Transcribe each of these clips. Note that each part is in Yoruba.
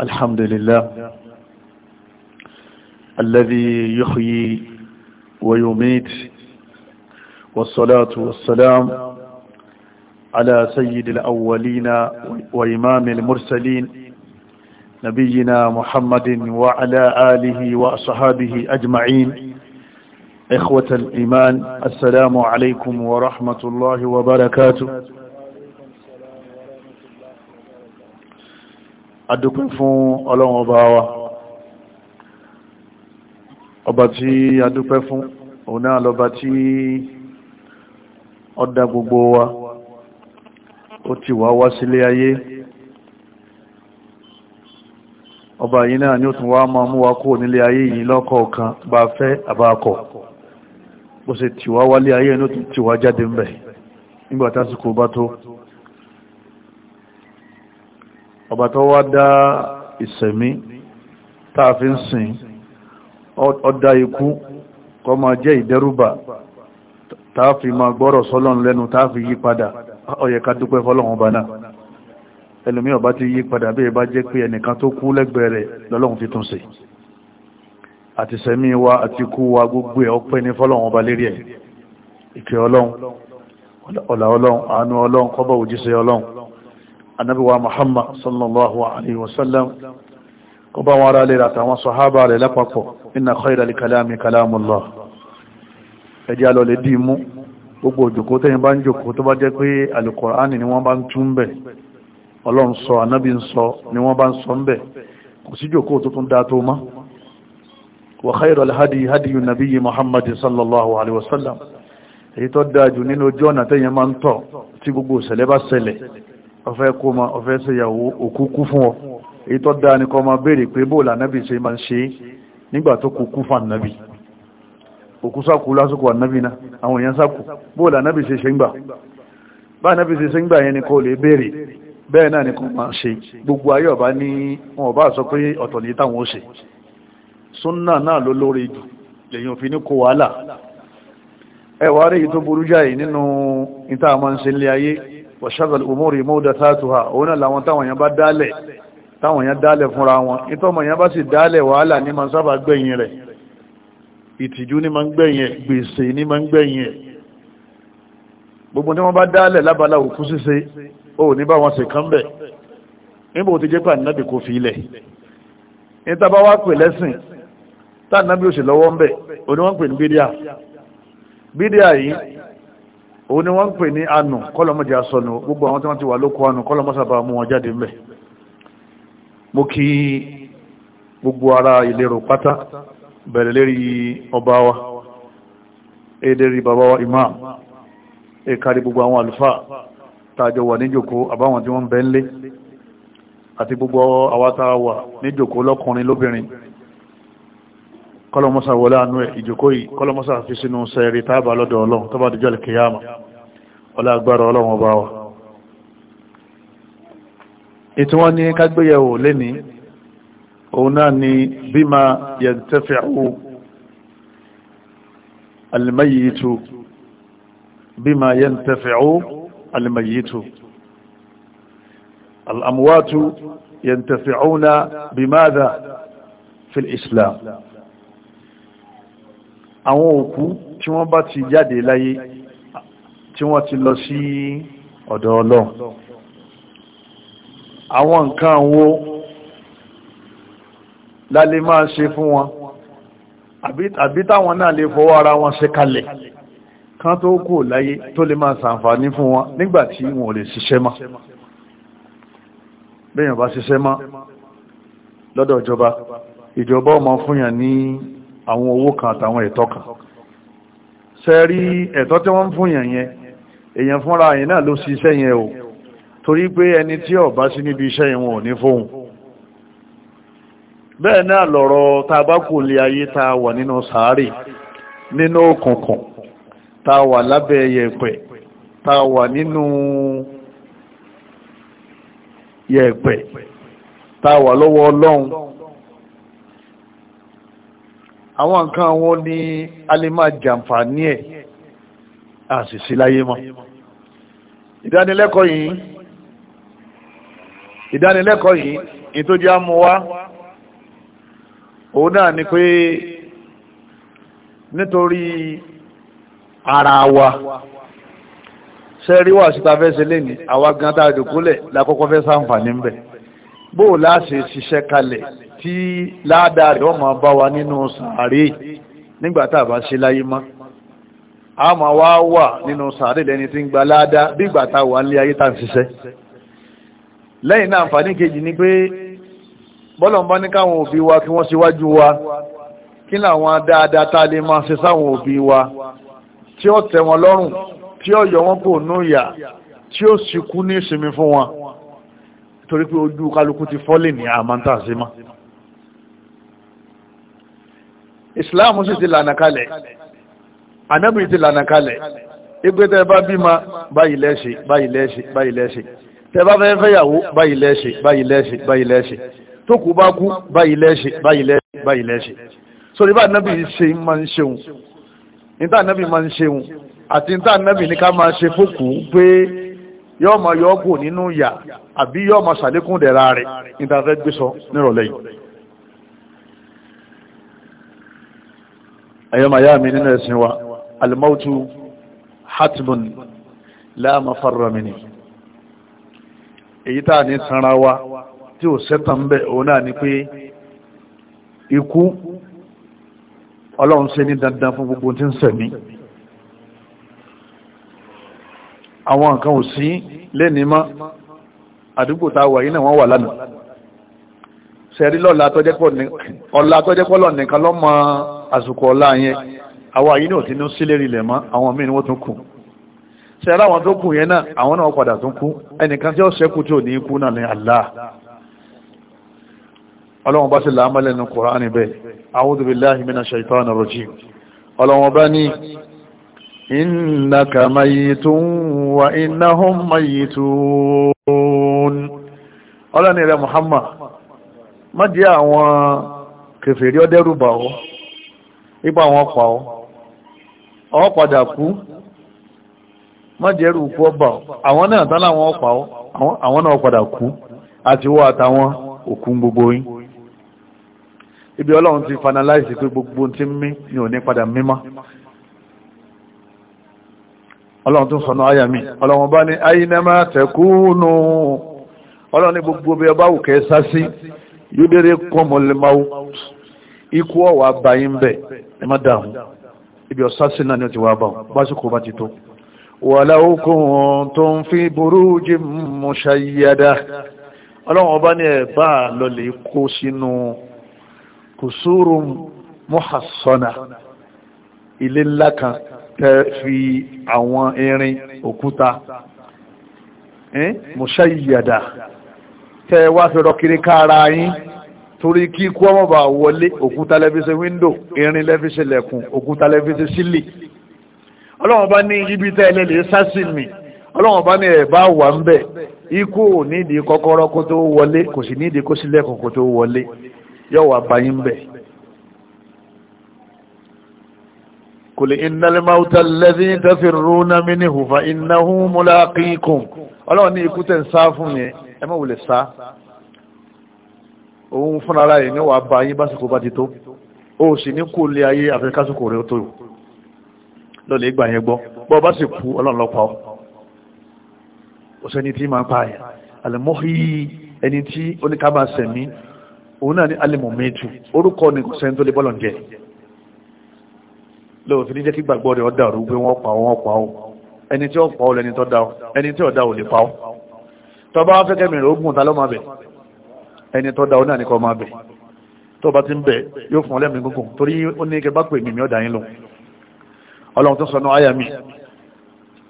الحمد لله الذي يحيي ويميت والصلاة والسلام على سيد الأولين وإمام المرسلين نبينا محمد وعلى آله وأصحابه أجمعين إخوة الإيمان السلام عليكم ورحمة الله وبركاته adúpẹ́ fún ọlọ́run ọba wa ọba tí adúpẹ́ fún òun náà lọ́ba tí ó dá gbogbo wa ó ti wá wá sílé ayé ọba yìí náà ni ó tún wá máa mú wa kó nílé ayé yìí lọ́kọ̀ọ̀kan bá fẹ́ àbákọ̀ bó ṣe tìwá wálé ayé ní ó tún tìwá jáde ń bẹ̀ nígbàtásíkò bá tó ọba tó wá dá ìsẹ̀mí táà fi ń sìn ọdá ikú kọ ma jẹ́ ìdẹ́rùbà táà fi ma gbọ́rọ̀ sọ́lọ́n lẹ́nu táà fi yí padà ọyẹ ká dúpẹ́ fọ́lọ́run ọba náà ẹlòmí ọba ti yí padà bí ẹba jẹ́ pé ẹnìkan tó kú lẹ́gbẹ̀ẹ́ rẹ̀ lọ́lọ́run wa àti wa gbogbo ẹ̀ ọpẹ́ ní fọ́lọ́run ọba lérí ẹ̀ ìkẹ́ ọlọ́run ọ̀là ọlọ́run àánú ọlọ́run kọ́bọ̀ anábíwá muhammad sallallahu alayhi wa sallam kó bá wọn rálẹ̀ àtàwọn sọ̀hábà rẹ̀ lápapọ̀ inna khayral kalami kalamullah ẹjẹ́ alọ́ lè dì mú gbogbo òjòkó tẹ́yìn bá ń jòkó tó bá jẹ́ pé alìkọ̀ránì ni wọ́n bá ń tún bẹ̀ ọlọ́run sọ anábì ń sọ ni wọ́n bá ń sọ ń bẹ̀ kò sí jòkó tó tún dá tó má wa khayral hadi hadiyu nabiyyi muhammad sallallahu alayhi wa èyí tó dáa nínú ojú ọ̀nà tẹ́yìn máa ń tọ̀ tí gbogbo ìṣẹ̀lẹ̀ bá ṣẹlẹ̀ ọ̀fẹ́ kó ma ọ̀fẹ́ ṣe yàwó òkúkú fún ọ èyí tó dáa ní kọ́ ma béèrè pé bóòlà náàbì ṣe ma ń ṣe nígbà tó kúkú fún ànábì òkú sákú lásìkò ànábì náà àwọn èèyàn sákú bóòlà náàbì ṣe ṣe ń gbà bá náàbì ṣe ṣe ń gbà yẹn ni kò lè béèrè bẹ́ẹ̀ náà ni kò máa ṣe gbogbo ayé ọba ní wọn ọba sọ pé ọ̀tọ̀ ní táwọn ó ṣe súnà náà ló lórí jù lèyìn òfin ní kò wàhálà ẹwà rí èyí burú jáì nínú ìta àmọ́ ń ṣe ilé ayé wọ̀ṣẹ́gbẹ̀lẹ̀ umori mọ́dátàtùhà òun làwọn táwọn èèyàn bá dálẹ̀ táwọn èèyàn dálẹ̀ fúnra wọn ìtọ́mọ̀ èèyàn bá sì dálẹ̀ wàhálà ní ma ń sábà gbẹ̀yìn rẹ̀ ìtìjú ní ma ń gbẹ̀yìn ẹ̀ gbèsè ní ma ń gbẹ̀yìn ẹ̀ gbogbo tí wọ́n bá dálẹ̀ lábala òkú ṣíṣe ó ní bá wọn sì kán bẹ̀ níbo ti òun ni wọ́n ń pè ní anù kọ́lọ̀mọ́dé asọ́nù gbogbo àwọn tí wọ́n ti wà lóko anù kọ́lọ̀mọ́sàbà mú wọn jáde mẹ́ mo kí gbogbo ara ìlérò pátá bẹ̀rẹ̀ lérí ọba wa èdèrí bàbá wa imam èkàrí gbogbo àwọn àlùfáà tààjọ wà níjòkó àbáwọn tí wọ́n ń bẹ ńlé àti gbogbo àwátá níjòkó lọ́kùnrin lóbìnrin kọlọmọsá wọlé àánú ẹ̀ ìjòkó yìí kọlọmọsá fi sínú sẹ́ẹ̀rì tábà lọ́dọ̀ ọlọ́run tó bá dìjọ́ lè kìyàmà ọlá agbára ọlọ́run ọba wa ètò wọn ní kágbéyẹ̀wò lẹ́ni òun náà ni bima yantafi'u al-mayyitu bima yantafi'u al-mayyitu al-amwatu yantafi'una bimadha àwọn òkú tí wọ́n bá ti jáde láyé tí wọ́n ti lọ sí ọ̀dọ̀ ọlọ́ àwọn nǹkan wo lálé máa ṣe fún wọn àbí táwọn náà lè fọwọ́ ara wọn ṣe kalẹ̀ kan tó kò láyé tó lè máa ṣàǹfààní fún wọn nígbàtí wọn lè ṣiṣẹ́ mọ́ bẹ́yàn bá ṣiṣẹ́ mọ́ lọ́dọ̀ ìjọba ìjọba ó fúnyàn ní àwọn owó kan àtàwọn ẹ̀tọ́ kan sẹ́rí ẹ̀tọ́ tí wọ́n ń fún yẹn yẹn èyàn fúnra yẹn náà ló sí iṣẹ́ yẹn o torí pé ẹni tí ó bá sí níbi iṣẹ́ yẹn wọn ò ní fóun bẹ́ẹ̀ náà lọ̀rọ̀ tá a ayé tá wà nínú sàárè nínú òkùnkùn tá wà lábẹ́ yẹ̀pẹ̀ tá wà nínú yẹ̀pẹ̀ tá wà lọ́wọ́ ọlọ́run àwọn nǹkan wọn ni a lè máa jàǹfààní ẹ̀ àṣìṣe láyé mọ́ ìdánilẹ́kọ̀ọ́ yìí ìdánilẹ́kọ̀ọ́ tó jẹ́ àmú wá òun náà ni pé nítorí ara wa sẹ́ríwà síta fẹ́ ṣe lẹ́ni àwa gan tá lákọ́kọ́ fẹ́ sáǹfààní ń bẹ̀ bóò láṣẹ ṣiṣẹ́ kalẹ̀ tí ládàá rẹ̀ wọ́n máa bá wa nínú sàárè nígbàtà àbá ṣe láyé mọ́ a máa wá wà nínú sàárè lẹ́ni tí ń gba ládàá bígbàtà wà nílé ayé tàn ṣiṣẹ́ lẹ́yìn náà àǹfààní kejì ni pé bọ́lọ̀ bá ní káwọn òbí wa kí wọ́n síwájú wa kí làwọn dáadáa tá a lè máa ṣe sáwọn òbí wa tí ó tẹ́ wọn lọ́rùn tí ó yọ wọn kò núyà tí ó sì kú ní ìsinmi fún wọn torí pé ojú kálukú ti fọ́lẹ̀ ní àmọ́ntàṣímọ́ Islamu sì ti lànà kalẹ̀ anabi ti lànà kalẹ̀ ipe tẹ́ bá bímọ báyìí lẹ́ṣe báyìí lẹ́ṣe báyìí lẹ́ṣe tẹ́ bá fẹ́ fẹ́yàwó báyìí lẹ́ṣe báyìí lẹ́ṣe báyìí lẹ́ṣe tó kù bá kú báyìí lẹ́ṣe báyìí lẹ́ṣe báyìí lẹ́ṣe sórí bá ànábì ṣe máa ń ṣeun níta ànábì máa ń ṣeun àti níta ànábì ní ká máa ṣe fókù pé yóò máa yọ ọ́ kù nínú yà àbí yóò máa ṣàlékún dẹ̀ra rẹ̀ níta fẹ́ gbé sọ nírọ̀lẹ́yìn ẹ̀yọ́ màyá mi nínú ẹ̀sìn wa alimautu hatmun la mafarra minni èyí tàà ní sanra wa tí ó sẹ́tàn bẹ́ òun náà ni pé ikú ọlọ́run ṣe ní dandan fún gbogbo tí ń sẹ̀mí àwọn nǹkan ò sí lẹ́ni mọ́ àdúgbò tá wà yìí náà wọ́n wà lánàá sẹ́rí lọ́la tọ́jẹ́pọ̀ nìkan lọ́mọ àsìkò ọ̀la yẹn àwọn àyí náà ti ní sílẹ̀ rilẹ̀ mọ́ àwọn míì ni wọ́n tún kù ṣe ara àwọn tó kù yẹn náà àwọn náà padà tún kú ẹnìkan tí ó ṣẹ́kù tí ò ní kú náà ní Allah ọlọ́wọ́n bá sì láàmọ́lẹ̀ ní Kùránì bẹ́ẹ̀ àwọn kèfèrí ọdẹ́rù bàwọ́ ipa àwọn pa ọ ọ padà kú mọ́jẹ̀rù kú ọba àwọn náà tán láwọn pa ọ àwọn náà padà kú àti wọ́n àtàwọn òkú gbogbo yín ibi ọlọ́run ti finalize pé gbogbo tí ń mí ní òní padà mímá ọlọ́run tó ń sọ̀nà àyà mi ọlọ́run bá ní ayinama tẹ̀kúnù ọlọ́run ní gbogbo bí ọba òkè sásí yóò déré kọmọlẹ́máwó ikú ọ̀wà abayí ń bẹ̀ ẹ má dáhùn ibi ọ̀sásí náà ni ó ti wá báhùn básìkò bá ti tó walau kuntum fi burujin mushayyada ọlọ́run ọba ní ẹ̀bá lọlẹ̀ kó sínú kùsùrù muhassana ilé ńlá kan tẹ́ fi àwọn irin òkúta mushayyada tẹ́ wá fi rọ kiri kára yín torí kí ikú ọmọ bá wọlé òkúta lẹ́fíṣẹ́ wíńdò irin lẹ́fíṣẹ́ lẹ́kùn òkúta lẹ́fíṣẹ́ sílì ọlọ́run bá ní ibi tẹ́ sásìmì ọlọ́run bá ní ẹ̀bá wà ń bẹ̀ ikú ò nídìí kọ́kọ́rọ́ kó tó wọlé kò sì nídìí kó sílẹ̀kùn kó tó wọlé yóò báyìí ń bẹ̀. kul innal mawta alladhi tafirruna minhu fa innahu mulaqikum ọlọ́run ní ikú tẹ̀ ń sá fún yẹn ẹ má wulẹ̀ sá òun fúnra ara ẹ̀ ní wàá ba ayé básìkò bá ti tó ó sì ní kó lé ayé àfẹ́kásìkò rẹ̀ tó lọ́lẹ̀ ìgbà yẹn gbọ́ bọ́ bá sì kú ọlọ́run lọ́pàá ọ́ ó sẹ́ni tí máa ń pa àyà àlẹ́mọ́hí ẹni tí oníkàbà sẹ̀mí òun náà ní alẹ́mọ̀mẹ́tù orúkọ ní kò sẹ́ni jẹ ẹni tó da ọ náà ní kọ́ máa bẹ̀ tó bá ti ń bẹ̀ yóò fún ọlẹ́mìí gúngùn torí ó ní kẹ bá pè mí mi ọ̀dà yín lọ ọlọ́run tó sọnù àyà mi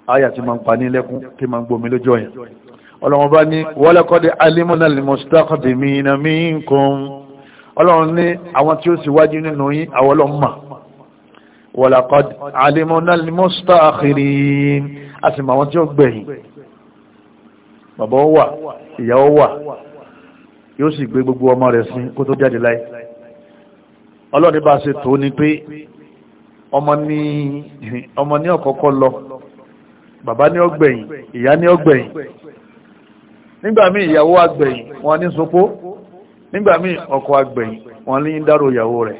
àyà ti máa ń pa ní lẹ́kún tí máa ń gbomi lójọ́ yẹn ọlọ́run bá ní walaqad alimna al-mustaqdimina minkum yóò sì gbé gbogbo ọmọ rẹ̀ sí kó tó jáde láyé ọlọ́ọ̀ni bá ṣe tó ni pé ọmọ ní ọmọ ní ọ̀kọ́kọ́ lọ bàbá ní ọgbẹ̀yìn ìyá ní ọgbẹ̀yìn nígbà míì ìyàwó agbẹ̀yìn wọn ní sopó nígbà míì ọkọ agbẹ̀yìn wọn ní dárò ìyàwó rẹ̀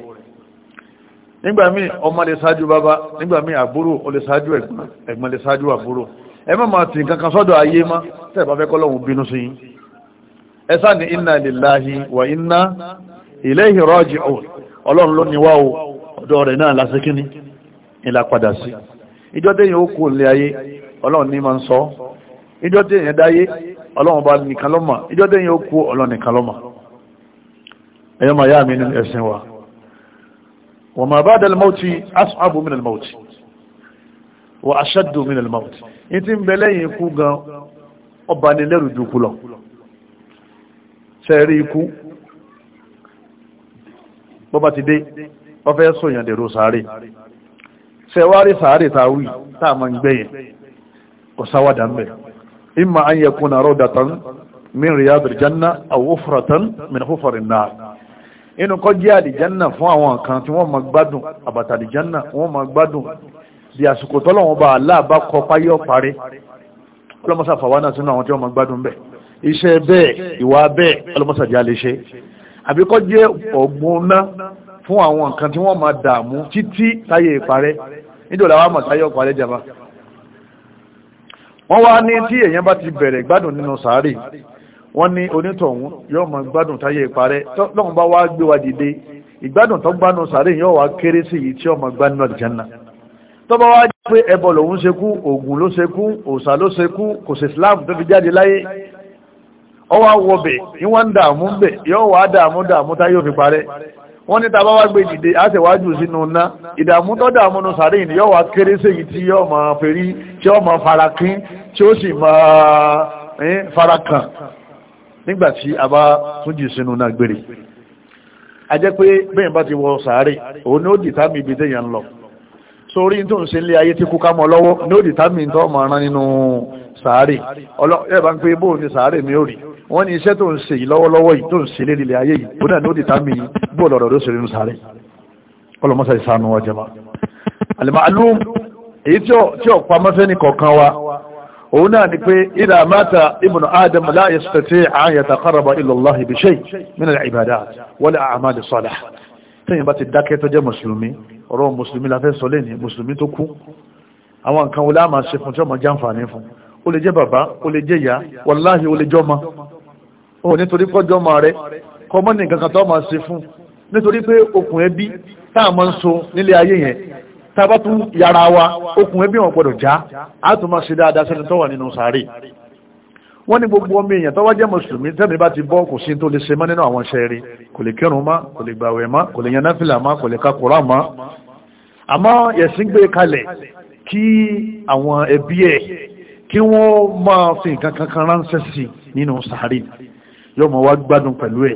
nígbà míì ọmọ lè ṣáájú bàbá nígbà míì àbúrò ó lè ṣáájú ẹ̀gbọ́n lè ṣáájú àbúrò ẹ má máa tì nǹkan kan sọ́dọ̀ ayé má tẹ́ẹ̀ fẹ́ kọ́ bínú sí yín ẹ̀sà ni inna lillahi wa inna ilayhi raji'un ọlọ́run ló ní wá o ọ̀dọ̀ rẹ̀ náà lásìkíní ìlà padà sí ìjọ tẹ́yìn ó kú ilé ayé ọlọ́run ní ma ń sọ ìjọ tẹ́yìn dáyé ọlọ́run bá nìkan lọ́mà ìjọ tẹ́yìn ó kú ọlọ́run nìkan lọ́mà ẹ̀yọ́ ma yá mi nínú ẹ̀sìn wa wa ma ba'da al-mawti as'abu min al-mawti wa ashaddu min al ń bẹ ikú gan ọba ni lẹ́rù jù lọ sẹ́ẹ̀rí ikú bó bá ti dé wọ́n fẹ́ sòyàn dèrò sàárè sẹ́wárí sàárè tàwí táà máa ń gbẹ̀yẹ̀ kò sáwádà ń bẹ̀ imma an yakuna rawdatan min riyadil janna aw hufratan min hufarin nar inú kọ́ jẹ́ àdìjánà fún àwọn kan tí wọ́n máa gbádùn àbàtà àdìjánà wọ́n máa gbádùn bí àsìkò tọ́lọ́wọ́n bá aláàbá kọ páyọ́ parí ọlọ́mọsàfàwánà sínú àwọn tí wọ́n máa gbádùn bẹ́ẹ̀ iṣẹ́ bẹ́ẹ̀ ìwà bẹ́ẹ̀ ọlọ́mọ́sàjá lè ṣe àbíkọ́ jẹ́ ọ̀gbun ná fún àwọn nǹkan tí wọ́n máa dààmú títí táyé ìparẹ́ nítorí àwọn àmọ̀ táyé ọ̀parẹ́ jàmbá wọ́n wá ní tí èèyàn bá ti bẹ̀rẹ̀ gbádùn nínú sàárì wọ́n ní onítọ̀hún yóò máa gbádùn táyé ìparẹ́ lọ́hùn bá wá gbé wa dìde ìgbádùn tó gbánú sàárì yóò wá kéré sí èyí tí ó máa gbánú àlùjánnà tó bá wá jẹ́ pé ẹbọ lòun ṣekú ògùn ló ṣekú òòṣà ló ṣekú kò sí Islam tó fi jáde láyé ọwọ́ wọbẹ̀ ìwọ́n ń bẹ̀ yóò tá yóò fi parẹ́ wọ́n ní bá wá gbé sínú ná tó nù ìní wá kéré tí yóò máa fèrí tí farakín tí ó sì máa farakàn nígbà tí a bá tún jù sínú ná gbére jẹ́ pé bá ti wọ sàárè òun ni ó dì tábì ibi téèyàn lọ sórí tó ń ṣe ayé tí kú ká lọ́wọ́ ó dì wọ́n ní iṣẹ́ tó ń ṣe yìí lọ́wọ́lọ́wọ́ yìí tó ń ṣe lérí ilẹ̀ ayé yìí bó náà ní ó dìtà mí bó lọ́rọ̀ ló ṣe nínú sáré ọlọ́mọṣẹ́ ìsànú wa jẹba al-ma'lum èyí tí ọ̀pá mọ́fẹ́ni kọ̀ọ̀kan wa òun náà ni pé idha mata ibnu adam la yastati' an yataqarraba ila Allah bi shay' min al-ibadat wal tẹ́yìn bá ti dákẹ́ tó jẹ́ mùsùlùmí ọ̀rọ̀ mùsùlùmí la fẹ́ sọ lẹ́ni mùsùlùmí tó kú àwọn nǹkan wo láàmà ṣe fún tí ọmọ jàǹfààní fún ó lè jẹ́ bàbá ó lè jẹ́ ìyá wàláhì ó lè jọ́ ọmọ o nítorí kọjọ́ ma rẹ kọmọ́ ní nǹkan kan tó máa ṣe fún nítorí pé okùn ẹbí tá a ń so nílé ayé yẹn tá tún yára wa okùn ẹbí wọn gbọdọ̀ já a tún máa ṣe dáadáa sẹ́ni tó wà nínú sàárè wọ́n ní gbogbo ọmọ èèyàn tó wá jẹ́ mùsùlùmí tẹ́mi bá ti bọ́ kò sí tó lè ṣe mọ́ nínú àwọn iṣẹ́ rí kò lè kírun mọ́ kò lè gbàwẹ̀ mọ́ kò lè yan náfìlà kò lè ka Kùránì àmọ́ ẹ̀sìn gbé kalẹ̀ kí àwọn ẹbí ẹ̀ kí wọ́n máa fi nǹkan kankan ránṣẹ́ sí nínú sàárè yóò mọ̀ wá gbádùn pẹ̀lú ẹ̀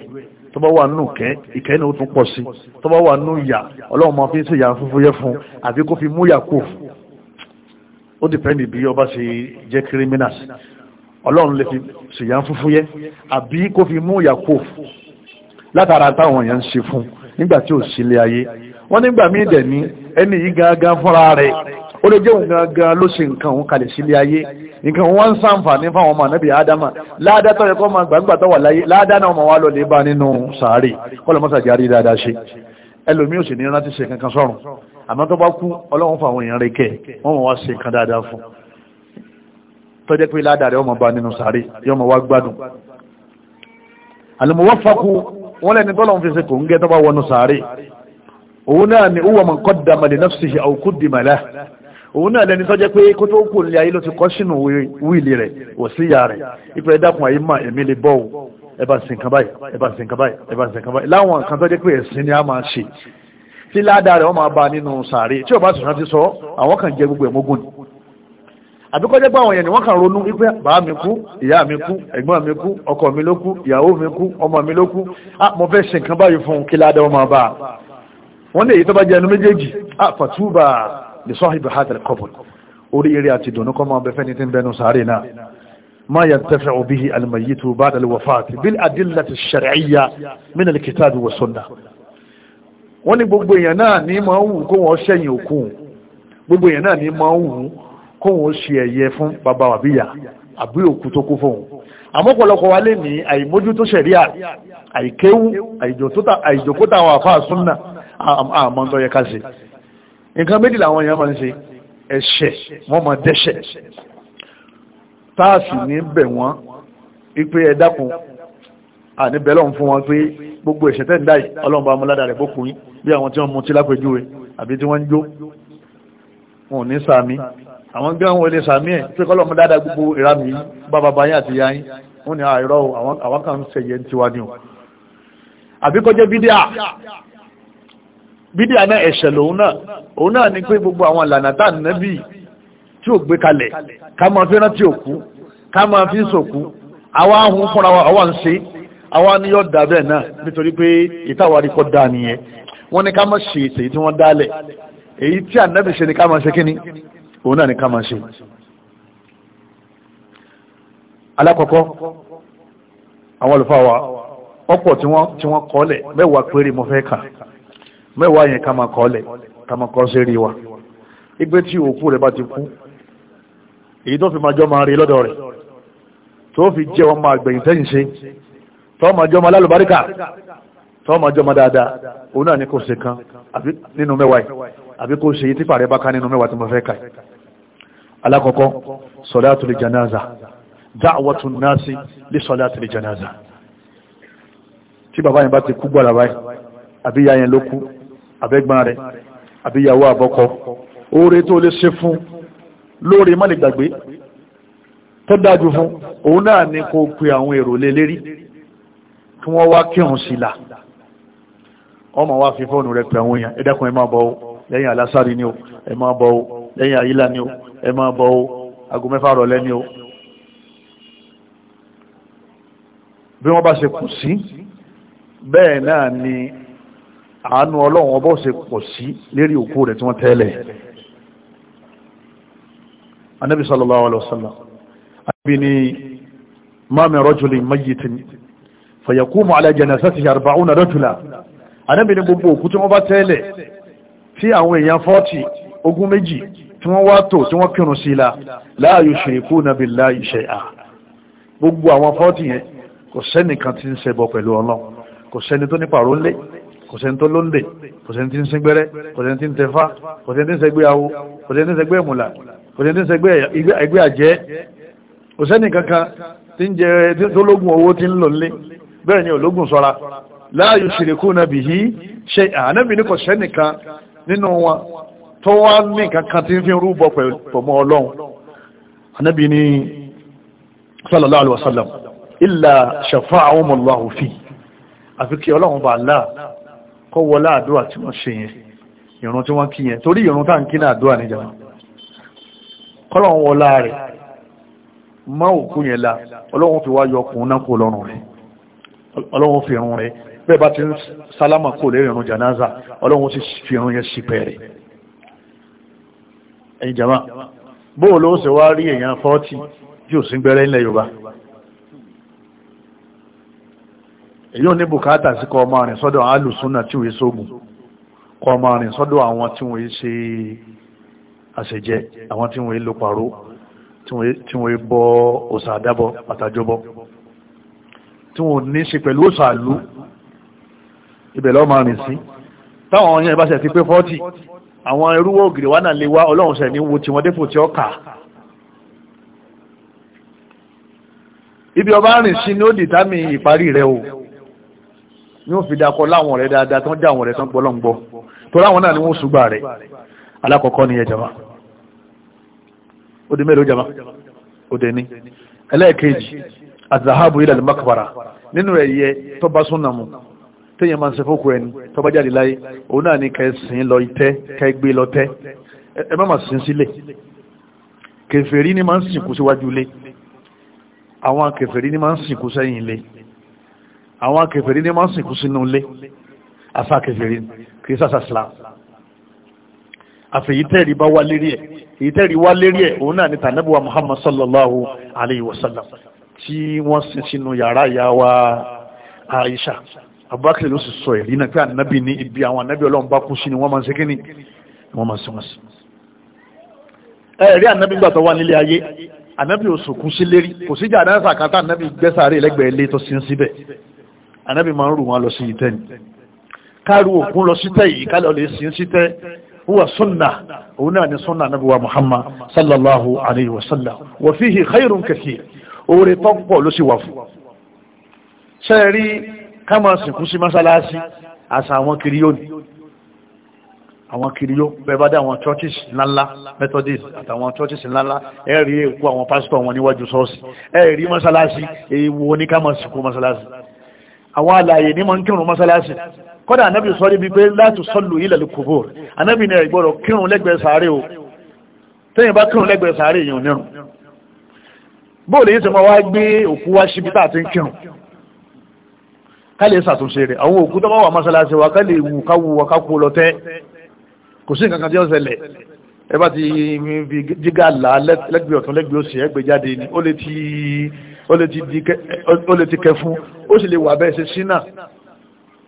tó bá wà nù kẹ́ ìkẹ́ ní ó tún pọ̀ sí tó wà nù ìyà ọlọ́run máa fi ń ṣèyà fúnfún yẹ fún àbí kó fi mú yà kù ó dìpẹ́ndì bí ọba ṣe jẹ́ criminals ọlọ́run lè fi ṣèyà fúnfún yẹ àbí kó fi mú yà kù látara táwọn èèyàn ń ṣe fún nígbà tí ò sílé ayé wọ́n nígbà míì dẹ̀ ní ẹni yìí gángan fúnra rẹ̀ ó lè jẹ́ òun gangan ló ṣe nǹkan òun kalẹ̀ sílé ayé nǹkan òun wọ́n ń sàǹfààní fáwọn ọmọ ànábì ádámà ládátọ́ ẹ̀kọ́ máa gbàgbà tó wà láyé ládánà ọmọ wa lọ lè bá nínú sàárè kọ́lọ̀mọ́sà járí dáadáa ṣe ẹlòmí ò sì ní rántí ṣe kankan sọ́run àmọ́ tó bá kú ọlọ́run fáwọn èèyàn rẹ̀ kẹ́ wọ́n wọ́n wá ṣe nǹkan dáadáa fún tó jẹ́ pé ládàá rẹ̀ ọmọ bá nínú sàárè yóò mọ̀ wá gbádùn àlùmọ̀wọ́fàkú wọ́n lẹ́ni tọ́lọ́run fi ṣe kò ń gẹ́ tó bá wọnú sàárè òun náà ni ó wà mọ̀ kọ́dàmà lè náfṣìṣì àwòkúdìmà láà òun náà lẹni tọ́jẹ́ pé kó tó kù nílé ayé ló ti kọ́ sínú wíìlì rẹ̀ wòsíyà rẹ̀ ìpẹ́ dákun ayé mà èmi lè bọ́ o ẹ bá sìn kan báyìí ẹ bá sìn kan báyìí ẹ bá sìn kan báyìí láwọn nǹkan tọ́jẹ́ pé ẹ̀sìn ni a máa ṣe tí ládàá rẹ̀ wọ́n máa bá nínú sàárè tí ọba sùn ti sọ àwọn kan jẹ gbogbo ẹ̀mógún ni àbí kọ́jẹ́ pé àwọn èèyàn ni wọ́n kàn ronú wípé bàá mi kú ìyá mi kú ẹ̀gbọ́n mi kú ọkọ mi ló kú ìyàwó mi kú ọmọ mi ló kú ah, mo fẹ́ ṣe nǹkan báyìí fún kí ládàá wọn máa bá wọ́n lè yí tó bá jẹ́ ẹnu méjèèjì àfàtúbà ah, lè sọ ìbí hàtàlì kọ́bùl orí eré àti ìdùnnú kọ́ bẹ́fẹ́ ní ti ń bẹnu sàárè náà ما ينتفع به الميت بعد الوفاة بالأدلة الشرعية من الكتاب والسنة wọ́n ní gbogbo èèyàn náà ní máa ń wù kó wọ́n ṣẹ̀yìn òkú gbogbo èèyàn náà ní máa ń wù kó wọ́n ṣe ẹ̀yẹ fún bàbá àbíyà àbí òkú tó kú fóun àmọ́pọ̀lọpọ̀ wa lè ní àìmójútó ṣẹ̀ríà àìkéwú àìjòkótà àwọn àfáà súnà àmọ́ ń tọ́yẹ ká nǹkan méjì làwọn èèyàn máa ń ṣe ẹ̀ṣẹ̀ wọ́n máa dẹ́ṣẹ̀ táàsì ní bẹ̀ wọ́n ipe ẹ dákun àní bẹ́ẹ̀ lọ́n fún wọn pé gbogbo ẹ̀ṣẹ̀ tẹ́ ń dá yìí ọlọ́run bá múládà rẹ̀ bókùnrin bí àwọn tí wọ́n mú tí lápẹjúwe àbí tí wọ́n ń jó wọn ò ní sàmí àwọn gbé àwọn ilé sàmí ẹ̀ pé kọ́lọ̀ dáadáa gbogbo ìrami yìí bàbá bídíà náà ẹ̀ṣẹ̀ lòun náà òun náà ni pé gbogbo àwọn ìlànà tá nẹ́bì tí ò gbé kalẹ̀ ká máa fi rántí òkú ká máa fi sòkú àwa ahun fúnra wa àwa ń ṣe àwa ni yóò dà bẹ́ẹ̀ náà nítorí pé ìtawárí kọ́ dáa nìyẹn wọ́n ní ká máa ṣe èyí tí wọ́n dálẹ̀ èyí tí ànẹ́bì ṣe ni ká máa ṣe kíni òun náà ni ká máa ṣe. alákọ̀ọ́kọ́ àwọn olùfà wa ọ̀pọ̀ tí wọ́n kọ́ lẹ̀ mẹ́wàá péré mo fẹ́ kà mẹ́wàá yẹn kama máa kọ́ lẹ̀ ká máa kọ́ sí rí wa igbe tí òkú rẹ̀ bá ti kú èyí tó fi máa jọ máa rí lọ́dọ̀ rẹ̀ tó fi jẹ́ wọn máa gbẹ̀yìn tẹ́yìn ṣe tó máa jọ máa lálùbáríkà tó máa jọ máa dáadáa òun náà ní kò ṣe kan nínú mẹ́wàá yìí àbí kò ṣe yìí tí pàrẹ́ bá ká nínú mẹ́wàá tí mo fẹ́ kà yìí alákọ̀ọ́kọ́ sọ̀látùlì janaza dáwọ́tún náàsì lè sọ̀látùlì janaza tí bàbá yẹn bá ti kú gbọ́ra báyìí àbí ìyá yẹn ló kú àbẹ́gbọ́n rẹ̀ àbí ìyàwó àbọ́kọ oore tó lè ṣe fún lóore má lè gbàgbé tó dájú fún òun náà ni kó pe àwọn èrò lé kí wọ́n wá kírun sí la ọmọ wa fi fóònù rẹ̀ pẹ̀ àwọn èèyàn ẹ dákun ẹ máa bọ̀ o lẹ́yìn alásàrí ni o ẹ máa lẹ́yìn àyílà ni o ẹ máa bọ̀ mẹ́fà rọ̀lẹ́ ni o bí wọ́n bá ṣe kù sí bẹ́ẹ̀ náà ni àánú ọlọ́run ọbọ̀ ṣe pọ̀ sí lérí òkú rẹ̀ tí wọ́n tẹ́lẹ̀ anábi sallallahu alaihi wasallam anábi ni ma min rajulin mayyitin fayakumu ala janazatihi arba'una rajula anábi ni gbogbo òkú tí wọ́n bá tẹ́lẹ̀ tí àwọn èèyàn 40 ogún méjì tí wọ́n wá tó tí wọ́n kírun sí la la yushrikuna billahi kò sẹ́ni tó lóńdè kò sẹ́ni tí ń sin gbẹ́rẹ́ kò sẹ́ni tí ń tẹ̀fá kò sẹ́ni tí ń sẹ́gbẹ́ awo kò sẹ́ni tí ń sẹ́gbẹ́ ìmùlà kò sẹ́ni tí ń sẹ́gbẹ́ ẹgbẹ́ àjẹ́ kò sẹ́ni kankan tí ń jẹ tó lógun owó tí ń lò nílé ni ológun sọ́ra la yushrikuna bihi shay'an ànábì ní kò sẹ́ni kan nínú wọn tó fi rúbọ fi kí ọlọ́run bá láà kọ́ wọlá àdúrà tí wọ́n ṣe yẹn ìrun tí wọ́n kí yẹn torí ìrun tá ń kí ní àdúrà níjàmá kọ́lọ̀wọ́n wọlá rẹ̀ má òkú yẹn la ọlọ́wọ́n fi wá yọ ọkùnrin náà kó lọ́rùn rẹ̀ ọlọ́wọ́n fi irun rẹ̀ bẹ́ẹ̀ bá ti ń sálámà kó lè ìrun jànáza ọlọ́wọ́n sì fi irun yẹn sípẹ́ rẹ̀ ẹ̀yin jàmá bóòlù wá rí èèyàn fọ́ọ̀tì tí sí gbẹ́rẹ́ ilẹ̀ Yorùbá èyí ò ní bùkátà sí kọ ọmọ rìn sọ́dọ̀ alùsúnà tí wọ́n sógun kọ ọmọ rìn sọ́dọ̀ àwọn tí wọ́n ṣe àṣejẹ àwọn tí wọ́n lo pàró tí wọ́n bọ òsà àdábọ àtàjọbọ tí wọ́n ní ṣe pẹ̀lú òsà àlú ibẹ̀ lọ́ máa rìn sí táwọn yẹn bá ṣe ti pé fọ́tì àwọn irúwó ògìrì wà náà lè wá ọlọ́run ṣẹ̀ ní wo tí wọ́n dépò tí ó kà ibi ọba rìn sí ní ó dìtámì ìparí rẹ̀ o ni ó fi dakọ láwọn ọ̀rẹ́ dáadáa tán já àwọn ọ̀rẹ́ tán gbọ́lọ́ ń gbọ́ tó láwọn náà ni wọ́n ṣùgbà rẹ̀ alákọ̀ọ́kọ́ ni ẹ jama ó di mélòó jama ó dé ní ẹlẹ́ẹ̀kejì azahabu ilẹ̀ makbara nínú ẹ̀yẹ tó bá súnà mu téèyàn máa ń ṣe fókù ẹni tó bá jáde láyé òun náà ni kẹsìn lọ itẹ́ kẹgbé lọ tẹ́ ẹ má máa sin sílẹ̀ kèfèrí ni máa ń sìnkú síwájú ilé àwọn kèfèrí ni máa ń sìnkú sẹ́yìn ilé àwọn kèfèrí ní máa ń sìnkú sínú ilé afá kèfèrí kìí sàṣà islam àfẹ̀yí tẹ́rì bá wá lérí ẹ̀ èyí wá lérí ẹ̀ òun náà ni tànẹ́bùwà muhammad sallallahu alayhi wasallam. sallam tí wọ́n sin sínú yàrá ìyá wa aisha abubakar ló sì sọ ẹ̀rí náà pé ànábì ní ibi àwọn ànábì ọlọ́run bá kú sí ni wọ́n máa ń ṣe kíni wọ́n máa ń ṣe wọ́n sí. ẹ̀rí ànábì gbà tó wà nílé ayé ànábì ò sòkún sí lérí kò síjà àdáńsà kan tá ànábì gbẹ́sàárè lẹ́gbẹ̀ẹ́ ilé tó sin síbẹ̀ anábì máa ń rù wọn lọ sí ìtẹ́ ni káàrù òkun lọ sítẹ́ yìí ká lọ lè sin sítẹ́ huwa sunna òun náà ni sunna anábì wa muhammad sallallahu alayhi wa sallam wa fihi khayrun kathir oore tó pọ̀ ló sì wà fún ṣe rí ká máa sìnkú sí mọ́sálásí àṣà àwọn kiriyó ni àwọn kiriyó bẹ́ẹ̀ bá dé àwọn churches ńláńlá methodist àtàwọn churches ńláńlá ẹ èkó àwọn pásítọ̀ wọn níwájú ṣọ́ọ̀ṣì ẹ rí mọ́sálásí ní ká sìnkú mọ́sálásí àwọn alàyè ní mọ́ ń kírun mọ́sálásì kọ́dà anábì sọ rí wípé láti sọ́lù ilẹ̀ lùkùbò anábì ní ẹ̀gbọ́rọ̀ kírun lẹ́gbẹ̀ẹ́ sàárè o tẹ́yìn bá kírun lẹ́gbẹ̀ẹ́ sàárè yìí nírun bóòlù yìí ti mọ́ wá gbé òkú wá síbi tá àti ń kírun ká lè ṣàtúnṣe rẹ̀ àwọn òkú tó bá wà mọ́sálásì wa ká lè wù ká sí nǹkan tí ó ṣẹlẹ̀ ni ó ó lè ti kẹ fún ó sì lè wà bẹ́ẹ̀ ṣe sínà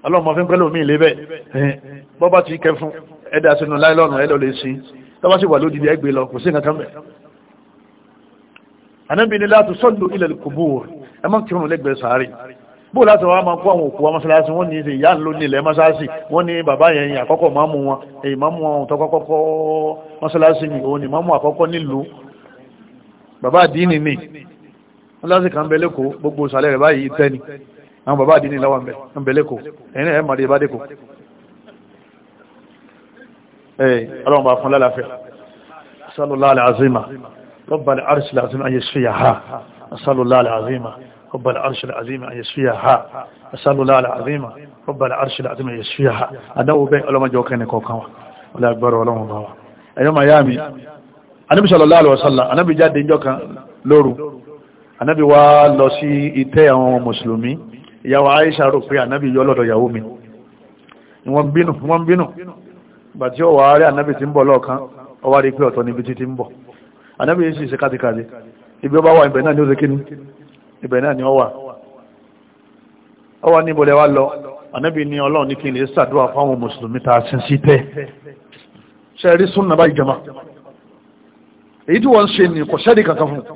ọlọ́mọ fi ń pẹ́lú mi ilé bẹ́ẹ̀ bọ́bá ti kẹ fún ẹ̀dà sínú láìlọ́nù ẹ̀dọ̀ lè sí tọ́bá sì wà lódìdí ẹgbẹ́ lọ kò sí nǹkan mẹ́ anábì ni láti sọ́lù ilẹ̀ kùbúwò ẹ má kírun lẹ́gbẹ̀ẹ́ sàárì bó láti wá máa kó àwọn òkú wa mọ́sálásí wọ́n ní ìyá ń lò ní ilẹ̀ mọ́sálásí wọ́n ní bàbá yẹn àkọ́kọ́ máàmù wọn èyí máàmù wọn tó kọ́kọ́ mọ́sálásí ni òun ni máàmù àkọ́kọ́ nílùú bàbá àdínì ni wọ́n lásì kan bẹ lẹ́kọ̀ọ́ gbogbo ìsàlẹ̀ rẹ̀ báyìí tẹ́ni àwọn bàbá àdínì láwọn bẹ̀ ń bẹ lẹ́kọ̀ọ́ ẹ̀yìn ẹ̀ màdé bá dẹ́kọ̀ọ́ ẹ̀ ọlọ́run bá fún lálàáfẹ́ sallallahu alaihi azima rabbal arshil azim an yashfiha sallallahu alaihi azima رب العرش العظيم أن يشفيها أسأل الله العظيم رب العرش العظيم أن يشفيها أدعو بي ألما جوكين كوكاوا anábì wa lọ sí ìtẹ́ àwọn mùsùlùmí ìyàwó Aisha rò pé anábì yọ lọ́dọ̀ mi wọ́n bínú wọ́n bínú bà tí ó wà rí anábì tí ń bọ̀ lọ́ọ̀kan ó wá rí pé níbi títí ń bọ̀ yìí ibi ó bá wà náà ni ó ṣe kíní náà ni ó wà ó wà ní ìbọ̀lẹ̀ ta